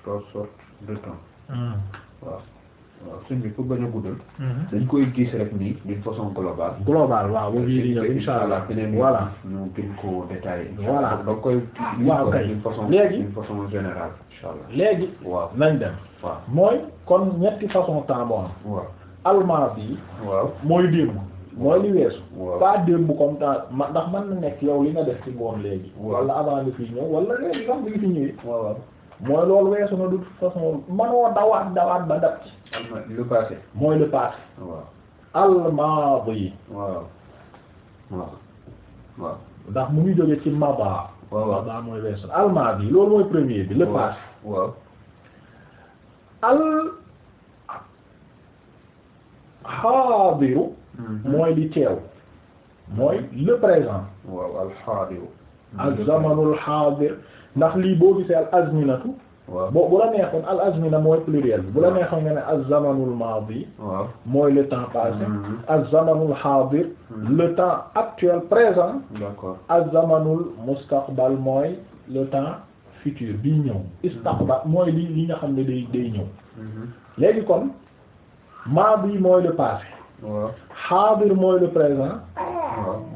trois sortes de waaw sëñ bi pour bañ a guddal. Mhm. dañ koy gis rek nii d'une façon globale. globale waaw boobu yi di ñëw incha allah beneen voilà ñu gën koo détaillé. voilà da koy. Ah, waaw kay d'une façon d'une façon générale incha allah. léegi waaw nañ dem. waaw mooy kon ñetti façon temps bon. waaw almaas yi. waaw mooy démb. mooy li weesu. pas démb comme temps ma ndax mën na nekk yow li nga def ci ngoon léegi. wala avant nga fi ñëw wala léegi sax bi nga fi ñëwee. waaw waaw. mooy loolu weesu na de toute façon manoo dawaat dawaat mooy le passé al-maadi waaw waaw waaw ndax mu ngi jóge ci maba al-maadi loolu mooy premier bi le passé al xaadiru mhm. mooy di teew mooy le présent al xaadiru al zamanul xaadir ndax lii boo gisee al azminatu waaw boo bu la neexoon al azmina mooy pluriel bi bu la neexoon nga ne az zamanul maadi waaw mooy le temps passé mm-hmm. az zamanul haadir mm-hmm. le temps actuel présent d'accord az zamanul mustaqbal mooy le temps futur bii ñëw mm-hmm. istaqbal mooy li li nga xam ne day day ñëw léegi kon maadi mooy le passé haadir mooy le présent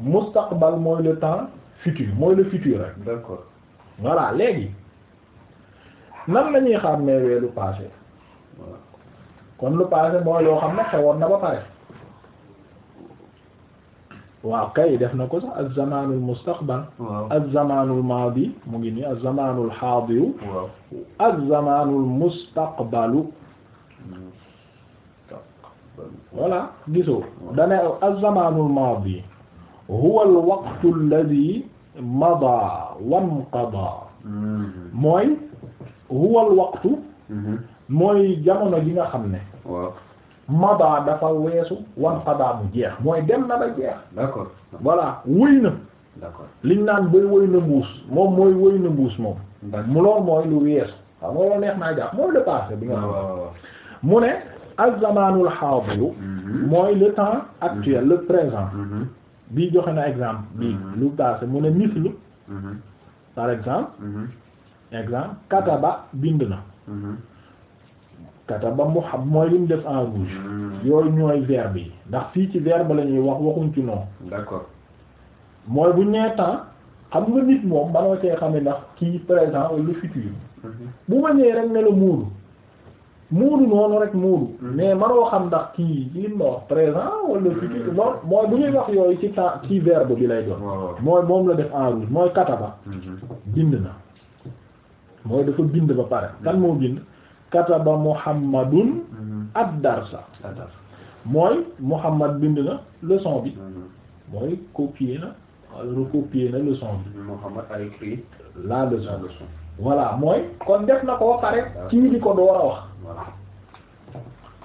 mustaqbal mooy le temps futur mooy le futur rek voilà léegi nan la ñuy xàmmee wee lu passé kon lu passé mooy loo xam ne xewoon na ba pare waaw kay def na ko sax az-zamaanul mustaqbal az-zamaanul maadi mu ngi nii az-zamaanul haadiru az-zamaanul mustaqbalu voilà gisoo dane az-zamaanul maadi huwa al-waqtu alladhi mada wanqada mooy huwal waqtu mooy jamono ji nga xam ne waaw mada dafa weesu wanqada mu jeex mooy dem na ba jeex d'accord voilà wëy na liñ naan bay wëy na mbuus moom mooy wëy na mbuus moom mu lool mooy lu weesu waaw loolu neex naa jàpp mooy le passé bi nga xam mu ne az-zamaanul haadiru mhm. mooy le temps actuel mhm. le présent mhm. bi joxe na exemple bii mm-hmm. lu passé mu ne mislu mm-hmm. par exemple mm-hmm. exemple kataba bind na kataba mu xam mooy li mu def en rouge yooyu ñooy verbe yi ndax fii ci verbe la ñuy wax waxuñ ci non d'accord mooy bu nee temps xam nga nit moom manoo see xam ne ndax kii présent wala futur bu ma rek ne la muuru moodu noonu rek moodu hmm. mais manoo xam ndax kii li ma wax présent wala futur lool hmm. mooy bu ñuy wax yooyu ci temps ci verbe bi lay doon mooy moom la def en rouge mooy kataba hmm. bind na mooy dafa bind ba pare kan moo bind kataba muhammadun ad-darsa mooy muhammad bind na leçon bi mooy copier na wala recopier na leçon bi muhammad a écrit la leçon voilà mooy kon def na ko pare ah. kii di ko door a wax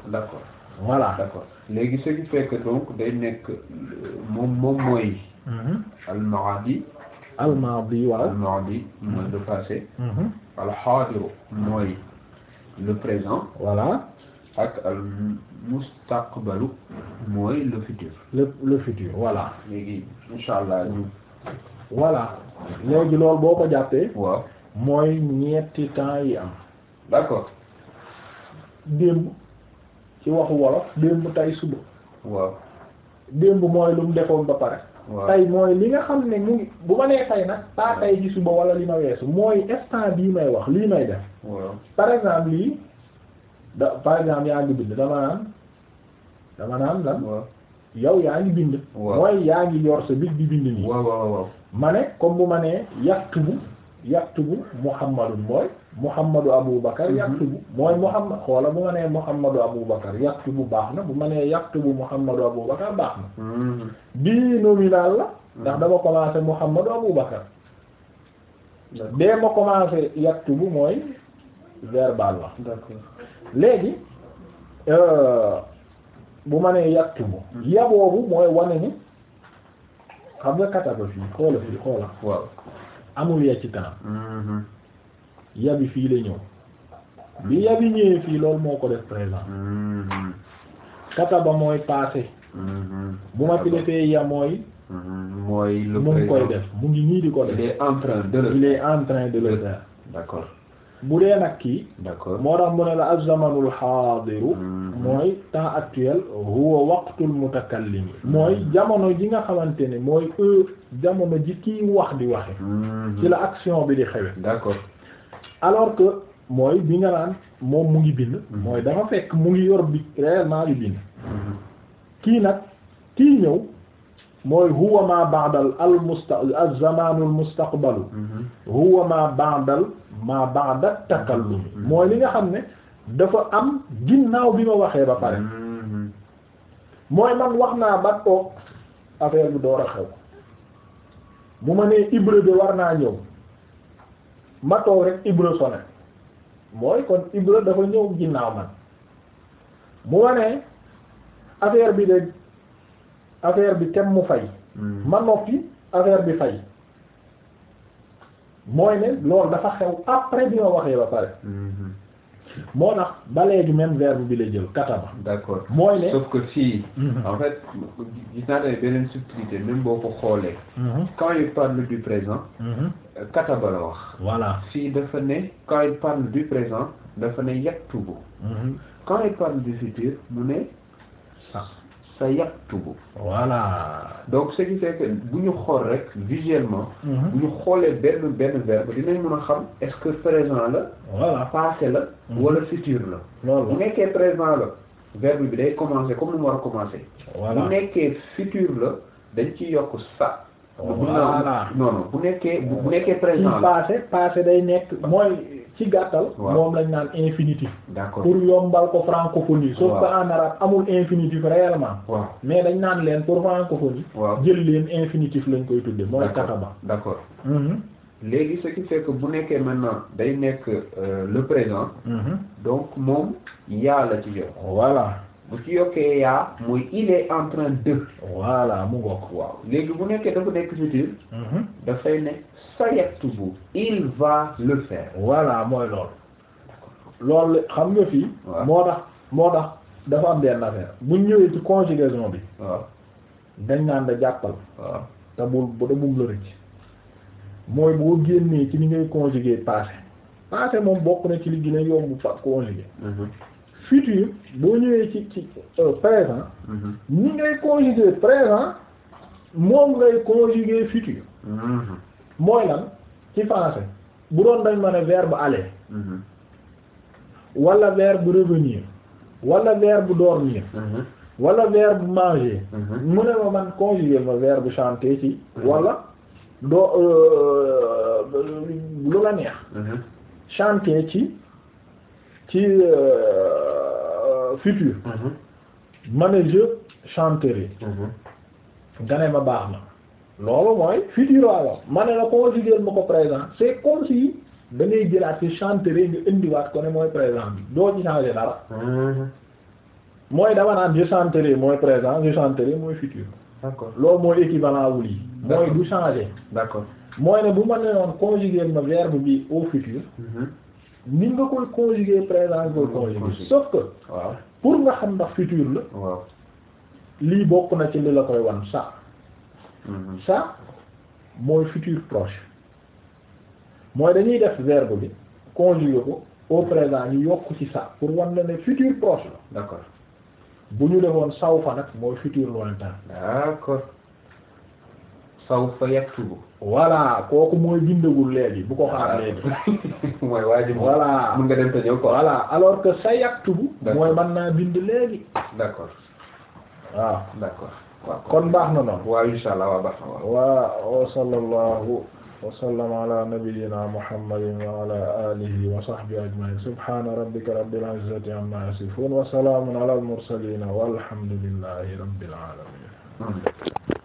d'accord voilà d'accord léegi ce qui fait que donc day nekk moom moom mooy mhm. almaadi almaadi waaw almaadi mooy mhm. le passé mhm. alxaadiru mooy le présent voilà ak al mustaqbalu mooy le futur le le futur voilà léegi insha allah ñu léegi loolu boo ko jàppee waaw mooy ñetti temps yi am d'accord démb ci waxu wolof démb tay suba. waaw démb mooy lu mu defoon ba pare. waaw tay mooy li nga xam ne mu bu ma nee tay nag pas tay ci suba wala li ma weesu mooy instant bii may wax lii may def. waaw par exemple lii da par exemple yaa ngi bind dama dama naan lan. yow yaa ngi bind. mooy yaa ngi yor sa bit di bind nii. waaw waaw waaw ma ne comme bu ma nee yaktubu yaktubu Muhammadun mooy. Muhammadu Abubakar mhm. yaktubu mooy Muhammad xoola bu ma nee Muhammadu Abubakar yaktubu baax na bu ma nee yaktubu Muhammadu Abubakar baax na bii mhm. nominal la mhm. ndax dama commencé Muhammadu Abubakar dee ma commencé yaktubu mooy verbal la d'accord léegi euh, bu ma nee yaktubu ya boobu mooy wane ni xam nga kataba fii xoola fii xoola waaw yabi fii la ñëw bi yabi ñëwee fii loolu moo ko def présent mm-hmm. kataba mooy passé mm-hmm. bu ma ci defee ya mooy mm-hmm. mooy mu ngi koy def mu ngi ñii di ko def il est en le il est bu dee nag kii d'accord moo tax mu ne la az-zamanul mooy temps actuel huwa waqtul mutakallim mooy jamono ji nga xamante ne mooy heure jamono ji kiy wax di waxe ci la action bi di xewe d'accord alors que mooy bi nga naan moom mu ngi bind mhm. mooy dafa fekk mu ngi yor bi réellement bi bind mhm. kii nag kii ñëw mooy huwa ma ba'dal al musta al zamanul mustaqbalu mhm. huwa ma ba'dal ma ba'da takallumi mooy li nga xam ne dafa am ginnaaw bi ma waxee ba pare mooy man wax naa ba toog affaire bi door a xew bu ma nee Ibra de war naa ñëw ma toog rek Ibra sone mooy kon Ibra dafa ñëw ginnaaw man mu wane affaire bi de affaire bi tem mu fay hmm. ma noppi affaire bi fay mooy ne loolu dafa xew après bi ma waxee ba pare hmm. moo tax ba léegi même verbe bi la jël kataba. d'accord mooy ne sauf que fii. Mhm. en fait gis naa ne beneen subtilité même boo ko xoolee. Mhm. quand il parle du présent. Mhm. kataba la wax. voilà si dafa ne quand il parle du présent dafa ne yaktubu. quand il parle du futur mu ne. Ah. sa yaktubu voilà donc ce qui fait bu ñu xool rek visuellement mhm. bu ñu xoolee benn benn verbe dinañ mën a xam est-ce que présent la voilà passé la mhm. wala futur la loolu bu nekkee présent la verbe bi day commencer comme ni mu war a commencer bu nekkee futur la dañ ci yokk sa voilà non non bu nekkee bu nekkee présent passé passé day nekk mooy ci gàttal. moom lañ naan infinitif. d'accord pour yombal ko francophonie. sauf que en arabe amul infinitif réellement. mais dañ naan leen pour francophonie. jël leen infinitif lañ koy tuddee. mooy kataba d'accord mhm. léegi ce qui fait que bu nekkee man maintenant day nekk euh, le présent. Mhm. donc moom yaa la ci jox. voilà. bu ci yokkee yaa mooy il est en de. voilà mu ngoog. waaw léegi bu nekkee dafa nekk futur. dafay ne mhm. sayaktubu. il va le faire. voilà mooy loolu. loolu xam nga fii. moo tax moo tax dafa am benn affaire bu ñëwee ci conjugaison bi. waaw dañ naan da jàppal. waaw te bu bu da bum la rëcc. mooy boo génnee ci ni ngay conjuguer passé. passé moom bokk na ci li gën a yomb fa futur boo ñëwee ci ci euh, présent mm-hmm. ni ngay conjuguer présent moom ngay conjuguer futur mm-hmm. mooy lan ci français bu doon dañ mën a verbe aller mm-hmm. wala verbe revenir wala verbe dormir wala verbe manger mu ne ma man conjuguer ma verbe chanter ci wala doo euh, lu la ci ci euh, Euh, futur mhm. ma ne je chanterai mhm. nga ne ma baax na loolu mooy futur waaw ma ne la considère ma ko présent c'est comme si da ngay jëlaat ci chanterai nga indiwaat ko ne mooy présent bi doo ci changer dara mhm. mooy dama naan je chanterai mooy présent je chanterai mooy futur d'accord loolu mooy équivalent wul yi mooy du changer d'accord mooy ne bu ma ne noon conjuguer ma verbe bi au futur mm ni nga koy conjuguer présent nga koy conjuguer que pour nga xam ndax futur la lii bokk na ci li la koy wan ça mm-hmm. ça mooy futur proche mooy dañuy def verbe bi conjuguer ko au présent ñu yokk ci sax pour wan na ne futur proche la d'accord bu ñu defoon sawfa nag mooy futur lointain d'accord sawfa yaktubu voilà kooku mooy léegi bu ko xaar léegi mooy waa ji ko voilà alors que sa yaktubu mooy mën naa bind kon baax na noonu waaw inshallah waaw baax na waaw waaw wa sallallahu wa sallama ala nabiyyina muhammadin wa ala alihi wa sahbihi ajma'in subhana rabbika rabbil izzati amma wa salamun ala al mursalin walhamdulillahi rabbil alamin hmm.